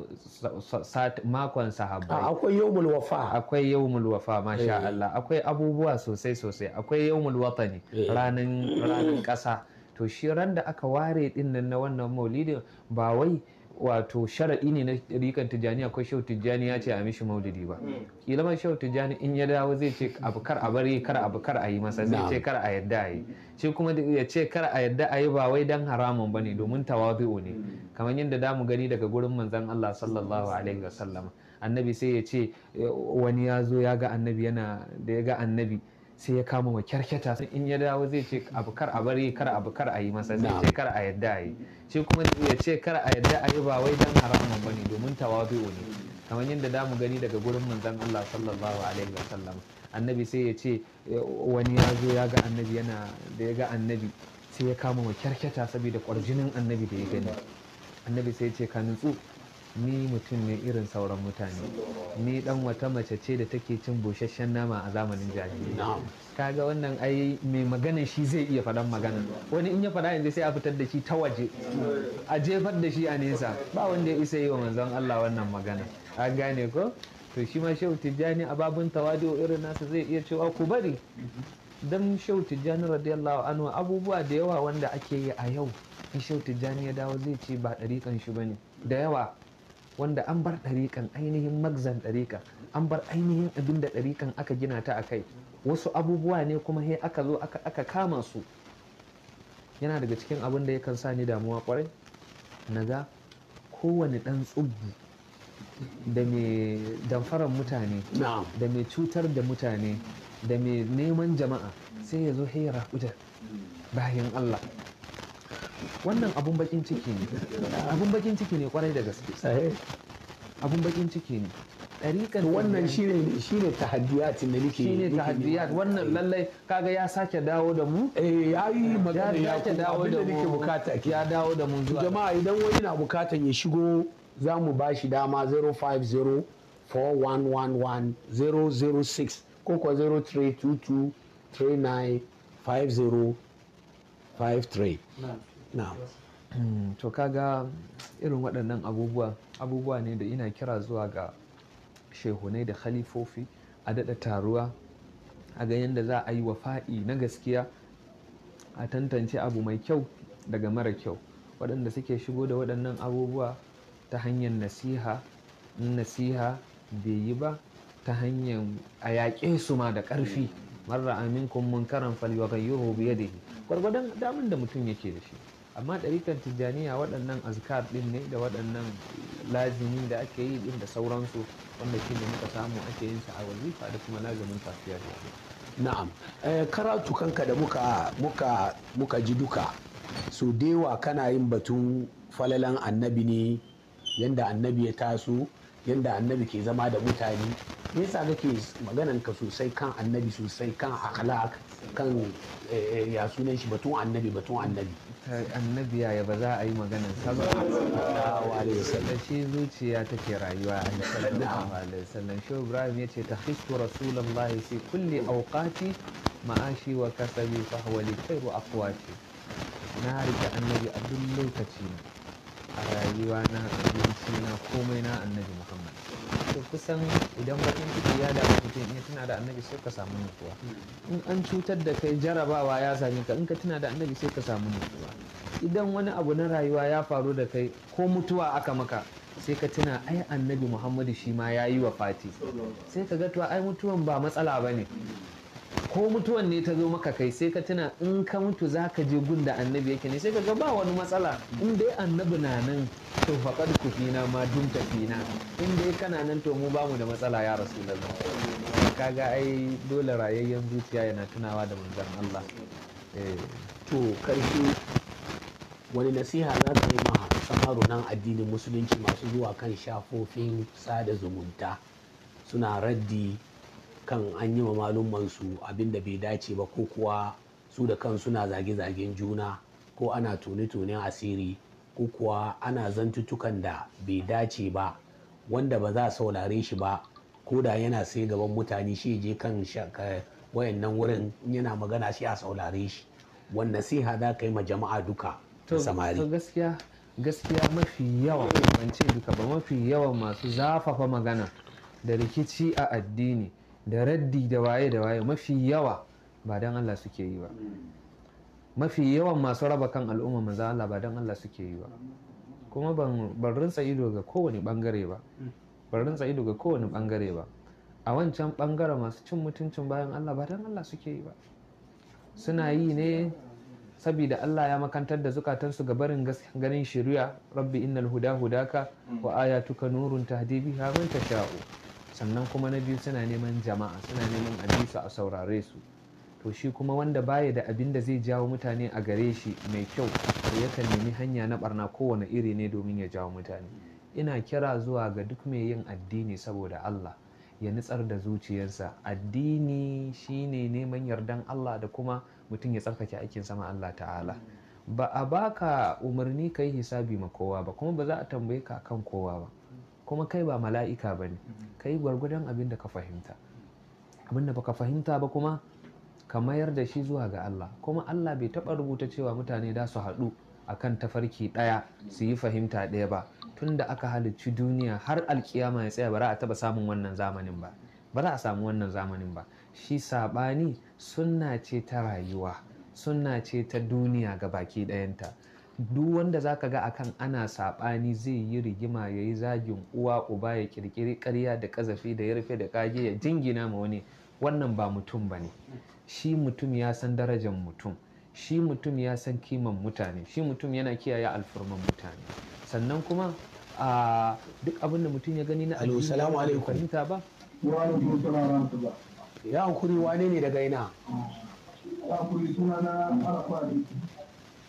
makon sahabbai ah, akwai yawmul wafa akwai yawmul wafa masha Allah akwai abubuwa sosai sosai akwai yawmul watani ranan ranan kasa to shi ran da aka ware din na wannan maulidin ba wai wato shara'i ne na rikan tijjani akwai shehu tijjani ya ce a mishi maulidi ba hmm. kila ma shehu tijjani in ya dawo zai ce abu kar a bari kar abu kar a yi masa zai ce kar a yadda a yi shi kuma ya ce kar a yadda a yi ba wai dan haramun ba ne domin tawabi'u ne hmm. kamar yadda da mu gani daga gurin manzon Allah sallallahu alaihi wasallam annabi sai ya ce wani ya zo ya ga annabi yana da ya ga annabi sai ya kama ma kyarkyata in ya dawo zai ce abu kar a bari kar abu kar a yi masa zai ce kar a yadda a yi shi kuma ya ce kar a yadda a yi ba wai dan haramun ba ne domin tawabi'u ne kamar yadda da mu gani daga gurin manzon Allah sallallahu alaihi sallam annabi sai ya ce wani ya zo ya ga annabi yana da ya ga annabi sai ya kama ma kyarkyata saboda kwarjinin annabi da ya gani annabi sai ya ce ka nutsu ni mutum ne irin sauran mutane ni dan wata mace ce da take cin busasshen nama a zamanin jahiliya kaga wannan ai mai magana shi zai iya faɗan magana wani in ya faɗa yanzu sai a fitar da shi ta waje a jefar da shi a nesa ba wanda ya isa yi wa manzon Allah wannan magana an gane ko to shi ma shehu tijjani a babun irin nasa zai iya cewa ku bari dan shehu tijjani radiyallahu anhu abubuwa da yawa wanda ake yi a yau in shehu tijjani ya dawo zai ce ba ɗariƙan shi bane da yawa wanda an bar ɗarikan ainihin magzan ɗariƙa an bar ainihin abin da ɗarikan aka gina ta a kai wasu abubuwa ne kuma he aka zo aka kama su yana daga cikin abin da yakan sa ni damuwa kwarai na ga kowane ɗan tsubbu da mai damfarar mutane da mai cutar da mutane da mai neman jama'a sai ya zo he ya kuda bayan Allah wannan abun bakin ciki ne abun bakin ciki ne kwarai da gaske eh. abun bakin ciki ne ɗariƙar wannan shine shine tahaddiyatin da nake shine tahaddiyat wannan eh. lallai kaga ya sake dawo da mu eh yayi magana ya sake dawo da mu bukata ya dawo da mu zuwa jama'a idan wani na bukatan ya shigo za mu ba shi dama 050 4111 006 ko kuwa 0322 39 50 53 na hmm, to kaga irin waɗannan abubuwa abubuwa ne da ina kira zuwa ga shehunai da khalifofi a daɗa taruwa a ga yadda za a yi wa faɗi na gaskiya a tantance abu mai kyau daga mara kyau waɗanda suke shigo da waɗannan abubuwa ta hanyar nasiha nasiha bai yi ba ta hanyar a yaƙe su ma da ƙarfi mm. marar aminkun munkaran falyuwa kan yi hobi yadda gwargwadon damin da mutum yake da shi amma ɗarikan tijjaniya waɗannan azkar ɗin ne da waɗannan lazimi da ake yi ɗin da sauransu wanda shi ne muka samu ake yin sa a wazifa da kuma lazimin safiya na'am eh, karatu kanka da muka ji duka su dewa kana yin batun falalan annabi ne yanda annabi ya taso yanda annabi ke zama da mutane me yasa kake maganan ka sosai kan annabi sosai kan akhlaq kan eh, eh, ya sunan shi batun annabi batun annabi annabi yaya ba za a yi maganar sallallahu alaihi wasallam shi zuciya take rayuwa a sallallahu alaihi shi ibrahim ya ce ta hishu rasulullahi sai kulle auqati ma'ashi wa kasabi fa huwa li khairu ce na rike annabi a duk lokaci a rayuwa na abinci na komai na annabi muhammad to kusan idan bakin ciki ya damu mutum in tuna da annabi sai ka samu nutsuwa in an cutar da kai jarabawa ya same ka in ka tuna da annabi sai ka samu nutsuwa idan wani abu na rayuwa ya faru da kai ko mutuwa aka maka sai ka tuna ai annabi muhammadu shi ma ya yi wa fati sai ka ga to ai mutuwan ba matsala ba ne ko mutuwan ne ta zo maka kai sai ka tuna in ka mutu za ka je gun da annabi yake ne sai ka ga ba wani matsala in dai annabi na nan to faqad kufina ma dum tafina in dai kana nan to mu bamu da matsala ya rasu rasulullah kaga ai dole rayayyen zuciya yana tunawa da manzan Allah eh. to karshe wani nasiha za ka yi ma nan addinin musulunci masu zuwa kan shafofin sada zumunta suna raddi Kan an yi wa malummansu abin da bai dace ba ko kuwa su da kan suna zage-zagen juna ko ana tone-tonen asiri ko kuwa ana zantutukan da bai dace ba wanda ba za a saurare shi ba ko da yana sai gaban mutane shi je kan wayannan wurin yana magana shi a saurare shi wanda sai hada kai ma jama'a duka samari gaskiya mafi yawa ban duka ba mafi yawa masu zafafa magana da rikici a addini da raddi da waye da waye mafi yawa ba don Allah suke yi ba mafi yawan masu raba kan al'umma maza Allah ba don Allah suke yi ba kuma ban rinsa ido ga kowane bangare ba ban rinsa ido ga kowane bangare ba a wancan bangare masu cin mutuncin bayan Allah ba don Allah suke yi ba suna yi ne saboda Allah ya makantar da zukatansu ga barin ganin shiriya rabbi innal huda hudaka wa ayatuka nurun tahdi biha man tasha'u sannan kuma na biyu suna neman jama'a suna neman a a saurare su to shi kuma wanda baya da abin da zai jawo mutane a gare shi mai kyau to yakan nemi hanya na barna kowane iri ne domin ya jawo mutane ina kira zuwa ga duk mai yin addini saboda Allah ya nutsar da zuciyarsa addini shine neman yardan Allah da kuma mutum ya tsarkake aikin sama Allah ta'ala ba a baka umarni ka yi hisabi ma kowa ba kuma ba za a tambaye ka kan kowa ba kuma kai ba mala'ika ba ne ka yi gwargwadon abin da ka fahimta abin da baka fahimta ba kuma ka mayar da shi zuwa ga Allah kuma Allah bai taɓa rubuta cewa mutane da su haɗu akan tafarki ɗaya su yi fahimta ɗaya ba tun da aka halicci duniya har alkiyama ya tsaya ba za a taɓa samun wannan zamanin ba ba za a samu wannan zamanin ba shi saɓani sunna ce ta rayuwa sunna ce ta duniya ga baki ɗayanta duk wanda za ka ga akan ana saɓani zai yi rigima ya yi zagin uwa uba ya kirkiri karya da ƙazafi da ya rufe da kage ya jingina ma wani wannan ba mutum ba ne shi mutum ya san darajar mutum shi mutum ya san kiman mutane shi mutum yana kiyaye alfurman mutane sannan kuma a duk abin da mutum ya gani na addini ba fahimta ba ya hankuri wane ne daga ina ya hankuri suna na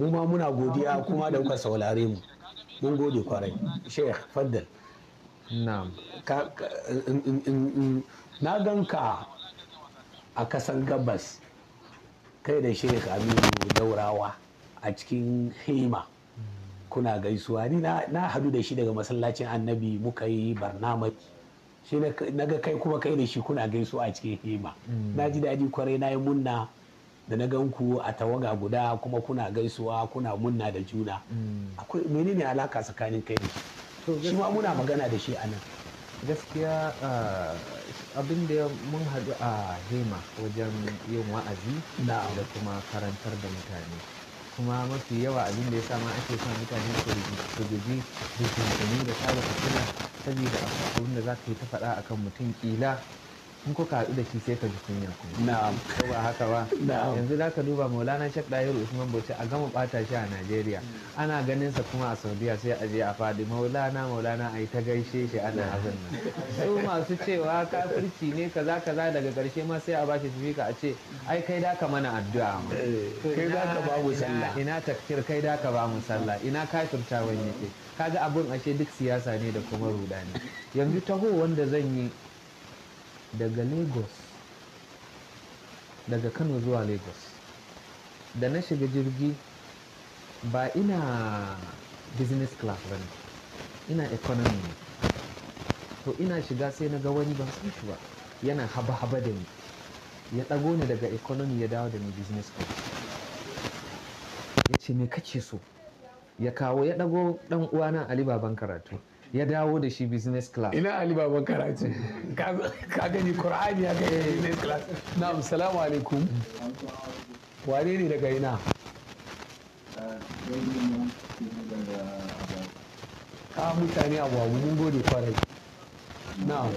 mu ma muna godiya kuma da kuka saurare mu mun gode kwarai sheikh faddal na gan ka a kasar gabas kai da sheikh aminu daurawa a cikin hima kuna gaisuwa ni na hadu da shi daga masallacin annabi muka yi barnamaki shi na ga kai kuma kai da shi kuna gaisu a cikin hima. Mm. na ji daɗi kwarai na yi munna da na ganku a tawaga guda kuma kuna gaisuwa kuna munna da juna mm. akwai menene alaka tsakanin kai da shi shi ma muna magana da shi a nan gaskiya ah, abin da mun haɗu a hema wajen yin wa'azi da kuma karantar da mutane kuma mafi yawa abin da ya sama ake sa mutane su guji rigingimu da tada fitina saboda abin da za ka yi ta faɗa akan mutum kila. in ka haɗu da shi sai ka ji kunya ku. na'am ko ba haka ba yanzu za ka duba maulana shek dahiru usman bauchi a gama bata shi a najeriya ana ganin sa kuma a saudiya sai a je a fadi maulana maulana a ta gaishe shi ana abin nan su masu cewa kafirci ne kaza kaza daga karshe ma sai a bashi shi a ce ai kai da ka mana addu'a ma eh, kai da ka ba mu sallah ina takfir kai da ka ba mu sallah ina wani yake kaga abun ashe duk siyasa ne da kuma rudani yanzu taho wanda zan yi daga lagos daga kano zuwa lagos da na shiga jirgi ba ina business class ba ne ina economy ne to ina shiga sai na ga wani ban san shi ba yana haba-haba da ni ya ɗago ni daga economy ya dawo da ni business class ya ce me kake so ya kawo ya ɗago ɗan uwana ali baban karatu ya dawo da shi business class ina ali baban karatu ka gani qur'ani ya gani business class na'am salamu alaikum wane ne daga ina ka mutane abu abu mun gode kwarai na'am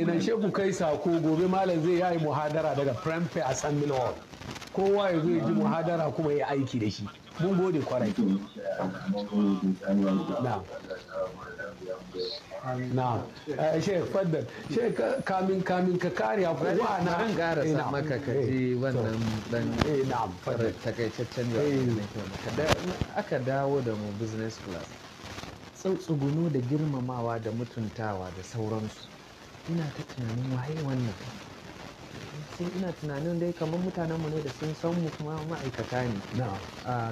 kenan she ku kai sako gobe malam zai yayi muhadara daga Prempe a San Hall. Kowa ya zo ya ji muhadara kuma ya aiki da shi. Mun gode kwarai. na Na'am. Eh, Sheikh Faddal, Sheikh kamin kamin ka kare ko wa na gara sa eh, maka ka ji eh, wannan dan na'am takaitaccen jawabi aka dawo da mu business class. Sau tsugunu da girmamawa da mutuntawa da sauransu. ina ta tunanin waye wannan sai ina tunanin dai kamar mutanenmu ne da sun san mu kuma ma'aikata ne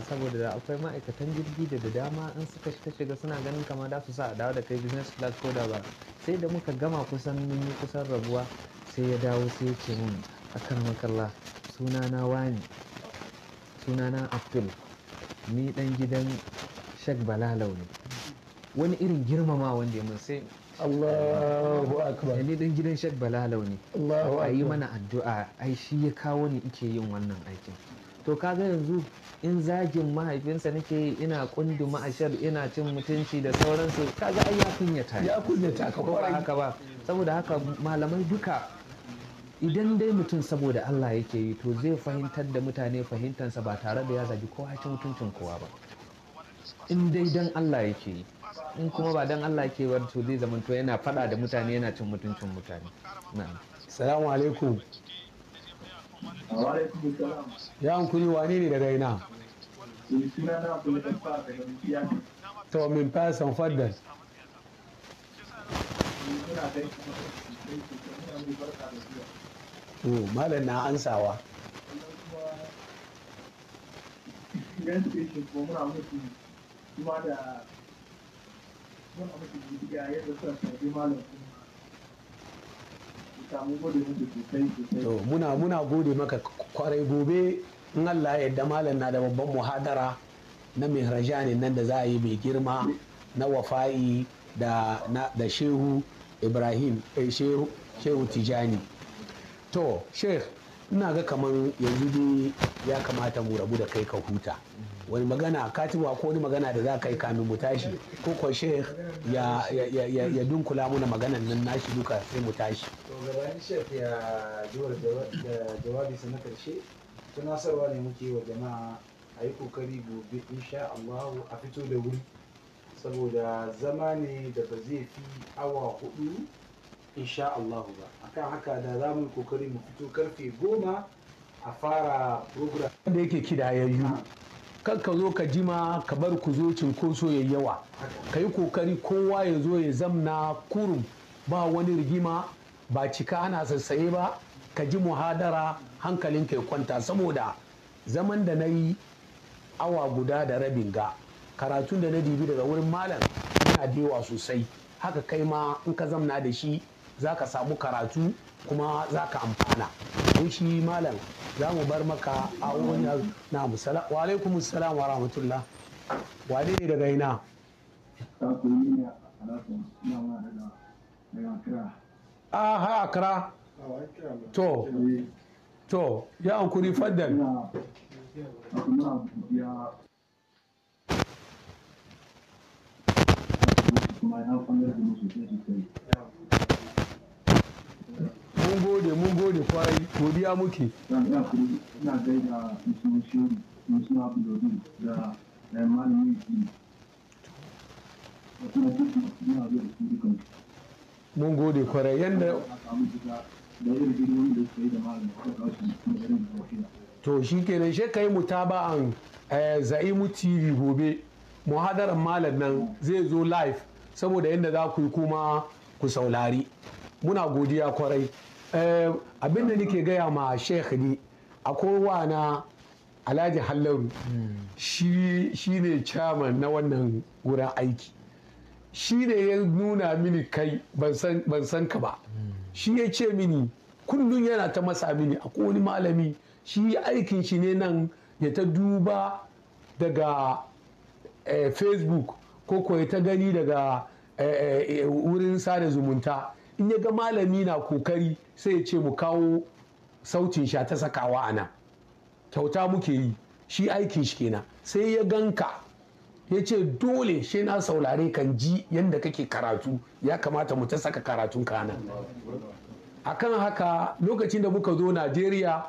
saboda akwai ma'aikatan jirgi da da dama in suka ta shiga suna ganin kama da su sa a dawo da kai business class ko da ba sai da muka gama kusan mun kusan rabuwa sai ya dawo sai ya ce mun akan makalla sunana wani sunana abdul ni dan gidan shek bala ne wani irin girmama wanda ya mun sai Allahu akbar ni dan gidan Sheikh Balalau ne Allahu akbar Ayi mana addu'a ai shi ya kawo ni ike yin wannan aikin to kaga yanzu in zagin mahaifinsa nake ina kundu ma'ashar ina cin mutunci da sauransu kaga ai ya kunyata ya kunyata ka kwarai haka ba saboda haka malamai duka idan dai mutum saboda Allah yake yi to zai fahimtar da mutane fahimtarsa ba tare da ya zagi kowa cin mutuncin kowa ba in dai dan Allah yake yi in kuma ba dan Allah ke bar to zai zama to yana fada da mutane yana cin mutuncin mutane salamu alaikum ya hankuli wane ne daga ina to min fasan faddal malam na ansawa muna gode maka kwarai gobe in Allah ya yarda malam na da babban muhadara na mihrajani nan da za a yi mai girma na wafa'i da da shehu ibrahim eh, shehu shehu tijani to sheikh ina ga kaman yanzu dai ya kamata mu rabu da kai ka huta wani magana katiba ko wani magana da za ka yi kamin mu tashi ko ko sheikh ya dunkula muna maganan nan nashi duka sai mu tashi to gabanin sheikh ya duwar jawabi sa na karshe tunasarwa ne muke wa jama'a a yi kokari gobe insha Allah a fito da wuri saboda zama ne da ba zai fi awa hudu insha Allah ba akan haka da za mu kokari mu fito karfe goma a fara program da yake kidayayyu kar ka zo ka jima ka bar ku zo cinkoso ya yawa ka yi kokari kowa ya zo ya zamna kurum ba wani rigima ba cika ana sassaye ba ka ji muhadara hankalin ka kwanta saboda zaman da na yi awa guda da rabin ga karatun da na dibi daga wurin malam yana dewa sosai haka kai ma in ka zamna da shi za ka samu karatu kuma za ka amfana bauchi malam za mu bar maka a wani na musala wa alaikum salam wa rahmatullah wa ne daga ina a ha akra to to ya hankuri faddan My help under the mun gode mun gode kwarai godiya muke ina gaida musu shehu musu abdulodin da malamin yi mun gode kwarai yadda to shi kenan shi ka yi mutaba'an eh, za'imu tv gobe muhadarar malam nan zai zo live saboda yadda za ku yi kuma ku saulari muna godiya kwarai Eh, abinda da nake gaya ma sheikh ne akwai na alhaji hallaru shi ne chairman na wannan wurin aiki shi ne ya nuna mini kai ban san ka ba shi ya ce mini kullum yana ta masa mini a wani malami shi aikin shi ne nan ya ta duba daga eh, facebook ko ko ta gani daga eh, wurin sada zumunta in ya ga malami na kokari sai ya ce mu kawo sautin sha ta sakawa a nan kyauta muke yi shi aikin shi kenan sai ya ganka ya ce dole shi na saurare kan ji yadda kake karatu ya kamata mu ta saka karatun kana akan haka lokacin da muka zo najeriya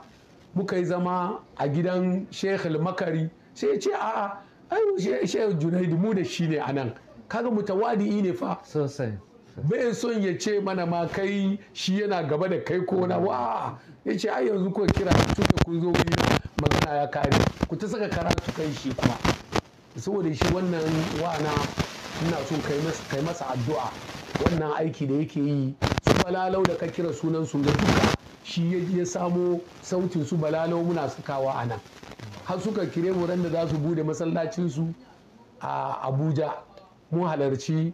muka yi zama a gidan sheikh makari sai ya ce a'a ai sheikh junaidu mu da shi ne a nan kaga mutawadi ne fa sosai bai son ya ce mana ma kai shi yana gaba da kai ko na wa ya ce ai yanzu kuka kira tun da kun zo wuri magana ya kare ku ta saka karatu kai shi kuma saboda shi wannan wana ina so kai masa addu'a wannan aiki da yake yi su balalau da ka kira sunan su ga duka shi ya samo sautin su balalau muna sakawa a nan har suka kire mu da za su bude masallacin su a abuja mu halarci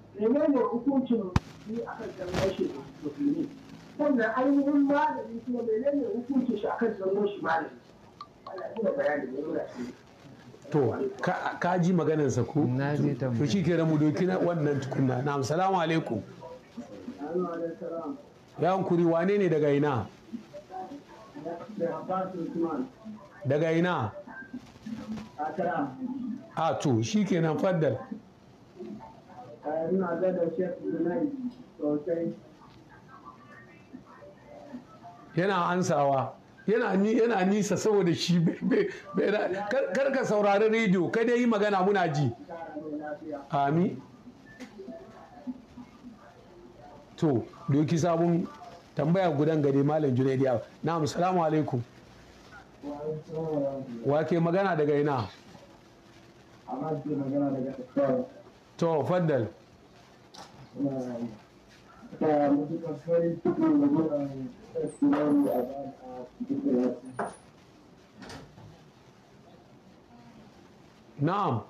ne menene hukuncin shi akan zangon shi musulmi sannan ainihin malami kuma menene hukuncin shi akan zangon shi malami to ka ji maganarsa ko to shi ke ramu doki na wannan tukunna na salamu alaikum ya hankuri wane ne daga ina daga ina a to shi ke nan faddal yana ansawa yana ni yana nisa saboda shi kar ka saurari rediyo kai dai yi magana muna ji ami to doki sabon tambaya gudan gare malam junaidi na na'am salamu alaikum wa ke magana daga ina magana daga تو طيب، تفضل نعم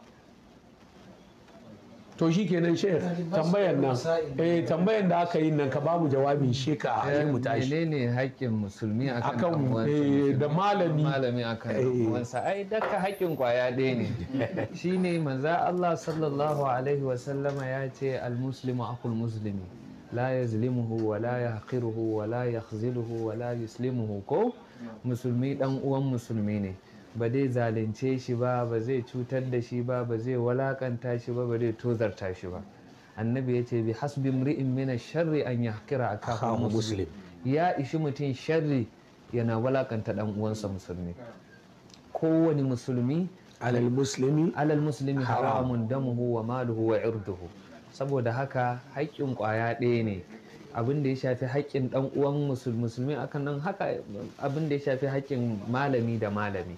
to shi kenan shek tambayan nan eh tambayan da aka yi nan ka babu jawabin shi ka yi eh, mu tashi menene haƙƙin musulmi akan eh da malami malami akan eh. wansa ai daka haƙƙin kwaya ɗaya ne shine manzo Allah sallallahu alaihi wa sallama ya ce al muslimu akul muslimi la yazlimuhu wa la yahqiruhu wa la yakhziluhu wa la yuslimuhu ko musulmi dan uwan musulmi ne ba zai zalunce shi ba ba zai cutar da shi ba ba zai walakanta shi ba ba zai tozarta shi ba annabi ya ce bi hasbi mri'in mina sharri an ya a kafin musulmi. ya ishi mutum sharri yana walakanta dan uwansa musulmi kowane musulmi alal musulmi. alal musulmi haramun damuhu wa maluhu wa irduhu saboda haka haƙƙin ƙwaya ɗaya ne abin da ya shafi haƙƙin ɗan uwan musulmi akan nan haka abin da ya shafi haƙƙin malami da malami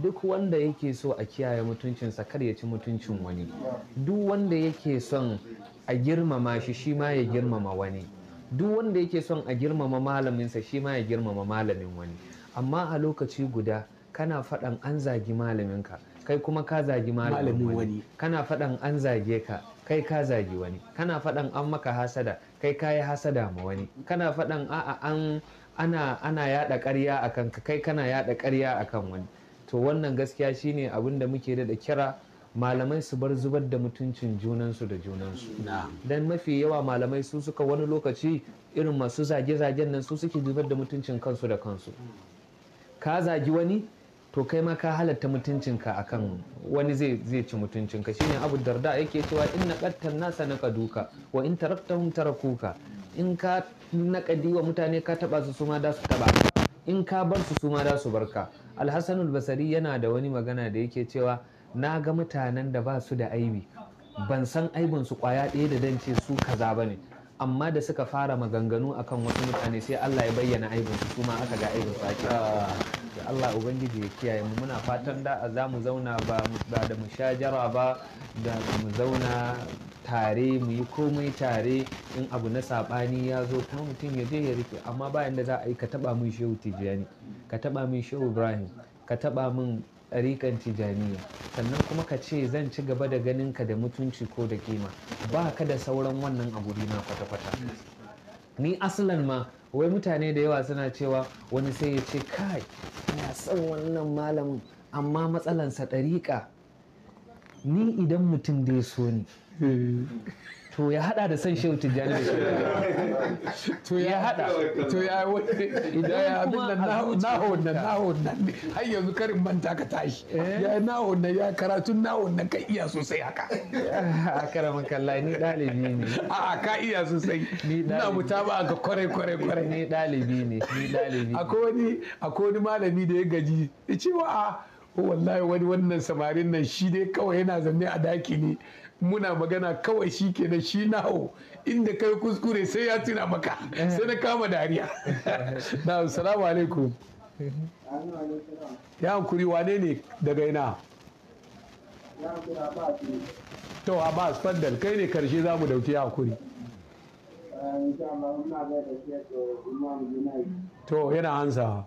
duk wanda yake so a kiyaye mutuncinsa kar ya ci mutuncin wani duk wanda yake son a girmama shi shi ma ya girmama wani duk wanda yake son a girmama malaminsa shi ma ya girmama malamin wani amma a lokaci guda kana faɗan an zagi malaminka kai kuma ka zagi malamin wani kana faɗan an zage ka kai ka zagi wani kana faɗan an maka hasada kai ka yi hasada ma wani kana faɗan a'a an ana ana yaɗa ƙarya akan ka kai kana yaɗa ƙarya akan wani to wannan gaskiya shine abin da muke da kira malamai su bar zubar da mutuncin junansu da junansu don mafi yawa malamai su suka wani lokaci irin masu zage-zagen nan su suke zubar da mutuncin kansu da kansu ka zagi wani to kai ma ka halatta mutuncinka a kan wani zai ci mutuncinka shine abu darda yake cewa in na nasa na kaduka wa in tara tarakuka in ka naƙadi wa mutane ka taɓa su suma da su taɓa in ka bar su suma da su barka alhassanul basari yana da wani magana da yake cewa na ga mutanen da ba su da aibi ban san aibin su kwaya ɗaya da dan su kaza ba ne amma da suka fara maganganu akan wasu mutane sai Allah ya bayyana aibin su kuma aka ga aibin su ake ah. Allah ubangiji ya kiyaye mu muna fatan da za mu zauna ba da mu sha jara ba da mu zauna tare mu yi komai tare in abu na sabani ya zo kuma mutum ya je ya rike amma bayan da za a yi ka taɓa min shehu tijjani ka taba min shehu ibrahim ka taɓa min rikan tijaniya sannan kuma ka ce zan ci gaba da ganin ka da mutunci ko da kima ba ka da sauran wannan a na kwata-kwata ni asalan ma wai mutane da yawa suna cewa wani sai ya ce kai ina son wannan malamin amma matsalansa ɗariƙa ni idan mutum da ya so ni to ya hada da san shehu tijjani da shehu to ya hada to ya wani idan ya abin nan nahon nan nahon nan ne har yanzu karin manta ka tashi eh? ya nahon nan ya karatun nahon nan ka iya sosai haka a ah, karamin kalla ni dalibi ne a ka iya sosai Ni na muta ba ga kwarai kwarai kwarai ni dalibi ne ni dalibi akwai wani akwai wani malami da ya gaji ya ce wa a ah, wallahi wani wannan samarin nan shi dai kawai yana zanne a daki ne muna magana kawai shi kenan shi nawo inda kai kuskure sai ya tuna maka sai na kama dariya na salamu alaikum ya hankuri wane ne daga ina to abbas faddal kai ne karshe za mu dauki ya hankuri to yana hansawa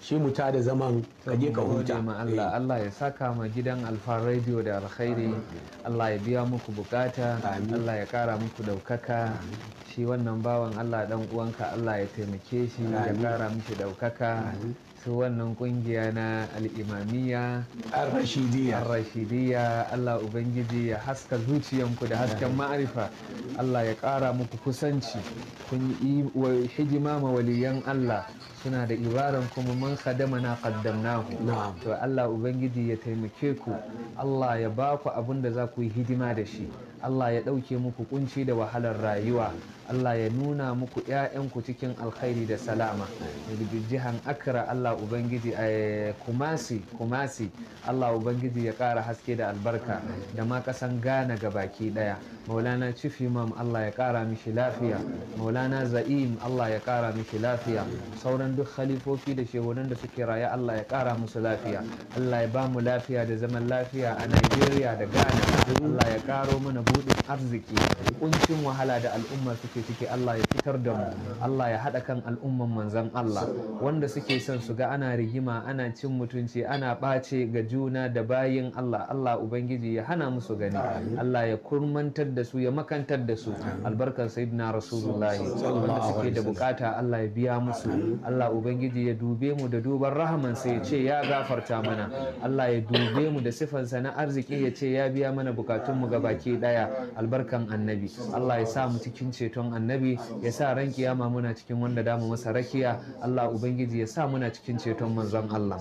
shi mu ta da zaman kaje ka huta Allah eh. Allah ya saka ma gidan Alfa Radio da alkhairi Allah ya biya muku bukata Allah ya kara muku daukaka shi wannan bawan Allah dan uwanka Allah ya taimake shi ya kara mishi daukaka su wannan kungiya na al'imamiya ar-rashidiyya Allah Ubangiji ya haska zuciyanku da hasken ma'arifa Allah ya ƙara muku kusanci kun yi hijima ma waliyan Allah suna da ibaran kuma man kadama na ku to Allah Ubangiji ya taimake ku Allah ya ba ku abin da za ku yi hidima da shi Allah ya ɗauke muku kunci da wahalar rayuwa Allah ya nuna muku ‘ya'yanku cikin alkhairi da salama jihan akra Allah ubangiji a eh, kumasi kumasi Allah ubangiji ya ƙara haske da albarka da ma ƙasan Ghana ga baki ɗaya maulana chief imam Allah ya ƙara mishi lafiya maulana za'im Allah ya ƙara mishi lafiya sauran duk khalifofi da shehunan da suke raya Allah ya ƙara musu lafiya Allah ya ba mu lafiya da zaman lafiya a Najeriya da Ghana Allah ya ƙaro mana buɗin arziki kuncin wahala da al'umma suke ciki Allah ya fitar da mu Allah ya haɗa kan al'umman manzan Allah wanda suke son su ga ana rigima ana cin mutunci ana ɓace ga juna da bayin Allah Allah ubangiji ya hana musu gani Allah ya kurmantar da su ya makantar da su albarkar sayyidina rasulullahi wanda suke da bukata Allah ya biya musu Allah ubangiji ya dube mu da duban rahaman sa ya ce ya gafarta mana Allah ya dube mu da sifansa na arziki ya ce ya biya mana bukatunmu ga baki daya albarkan annabi Allah ya sa mu cikin ceton annabi ya sa ran kiyama muna cikin wanda damu masa rakiya Allah ubangiji ya sa muna cikin ceton manzon Allah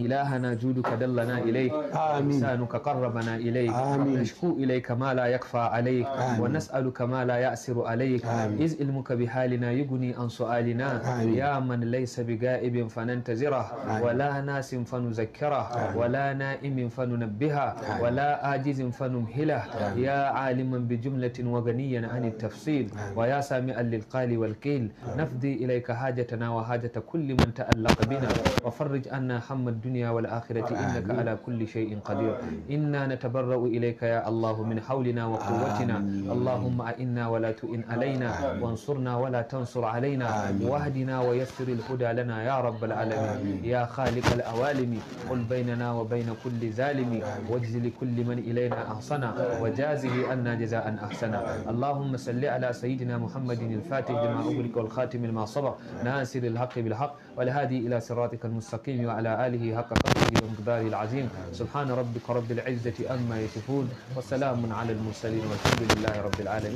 ilahana juduka dallana ilai amin sanuka qarrabana ilai nashku ilai kama la yakfa alai wa nas'aluka ma la ya'siru alai iz ilmuka bi halina yuguni an su'alina ya man laysa bi ga'ibin fanantazira wala nasin fanuzakkira wala na'imin fanunabbiha wala ajizin fanumhila ya aliman bi jumlatin وغنيا عن التفصيل ويا سامع للقال والقيل نفدي إليك حاجتنا وحاجة كل من تألق بنا وفرج عنا هم الدنيا والآخرة إنك على كل شيء قدير إنا نتبرأ إليك يا الله من حولنا وقوتنا اللهم أئنا ولا تؤن علينا وانصرنا ولا تنصر علينا واهدنا ويسر الهدى لنا يا رب العالمين يا خالق الأوالم قل بيننا وبين كل ظالم واجزي لكل من إلينا أحسن وجازه أنا جزاء أحسن اللهم صل على سيدنا محمد الفاتح لما أغلق والخاتم لما سبق ناصر الحق بالحق والهادي إلى صراطك المستقيم وعلى آله حق قدره ومقداره العظيم سبحان ربك رب العزة أما يصفون وسلام على المرسلين والحمد لله رب العالمين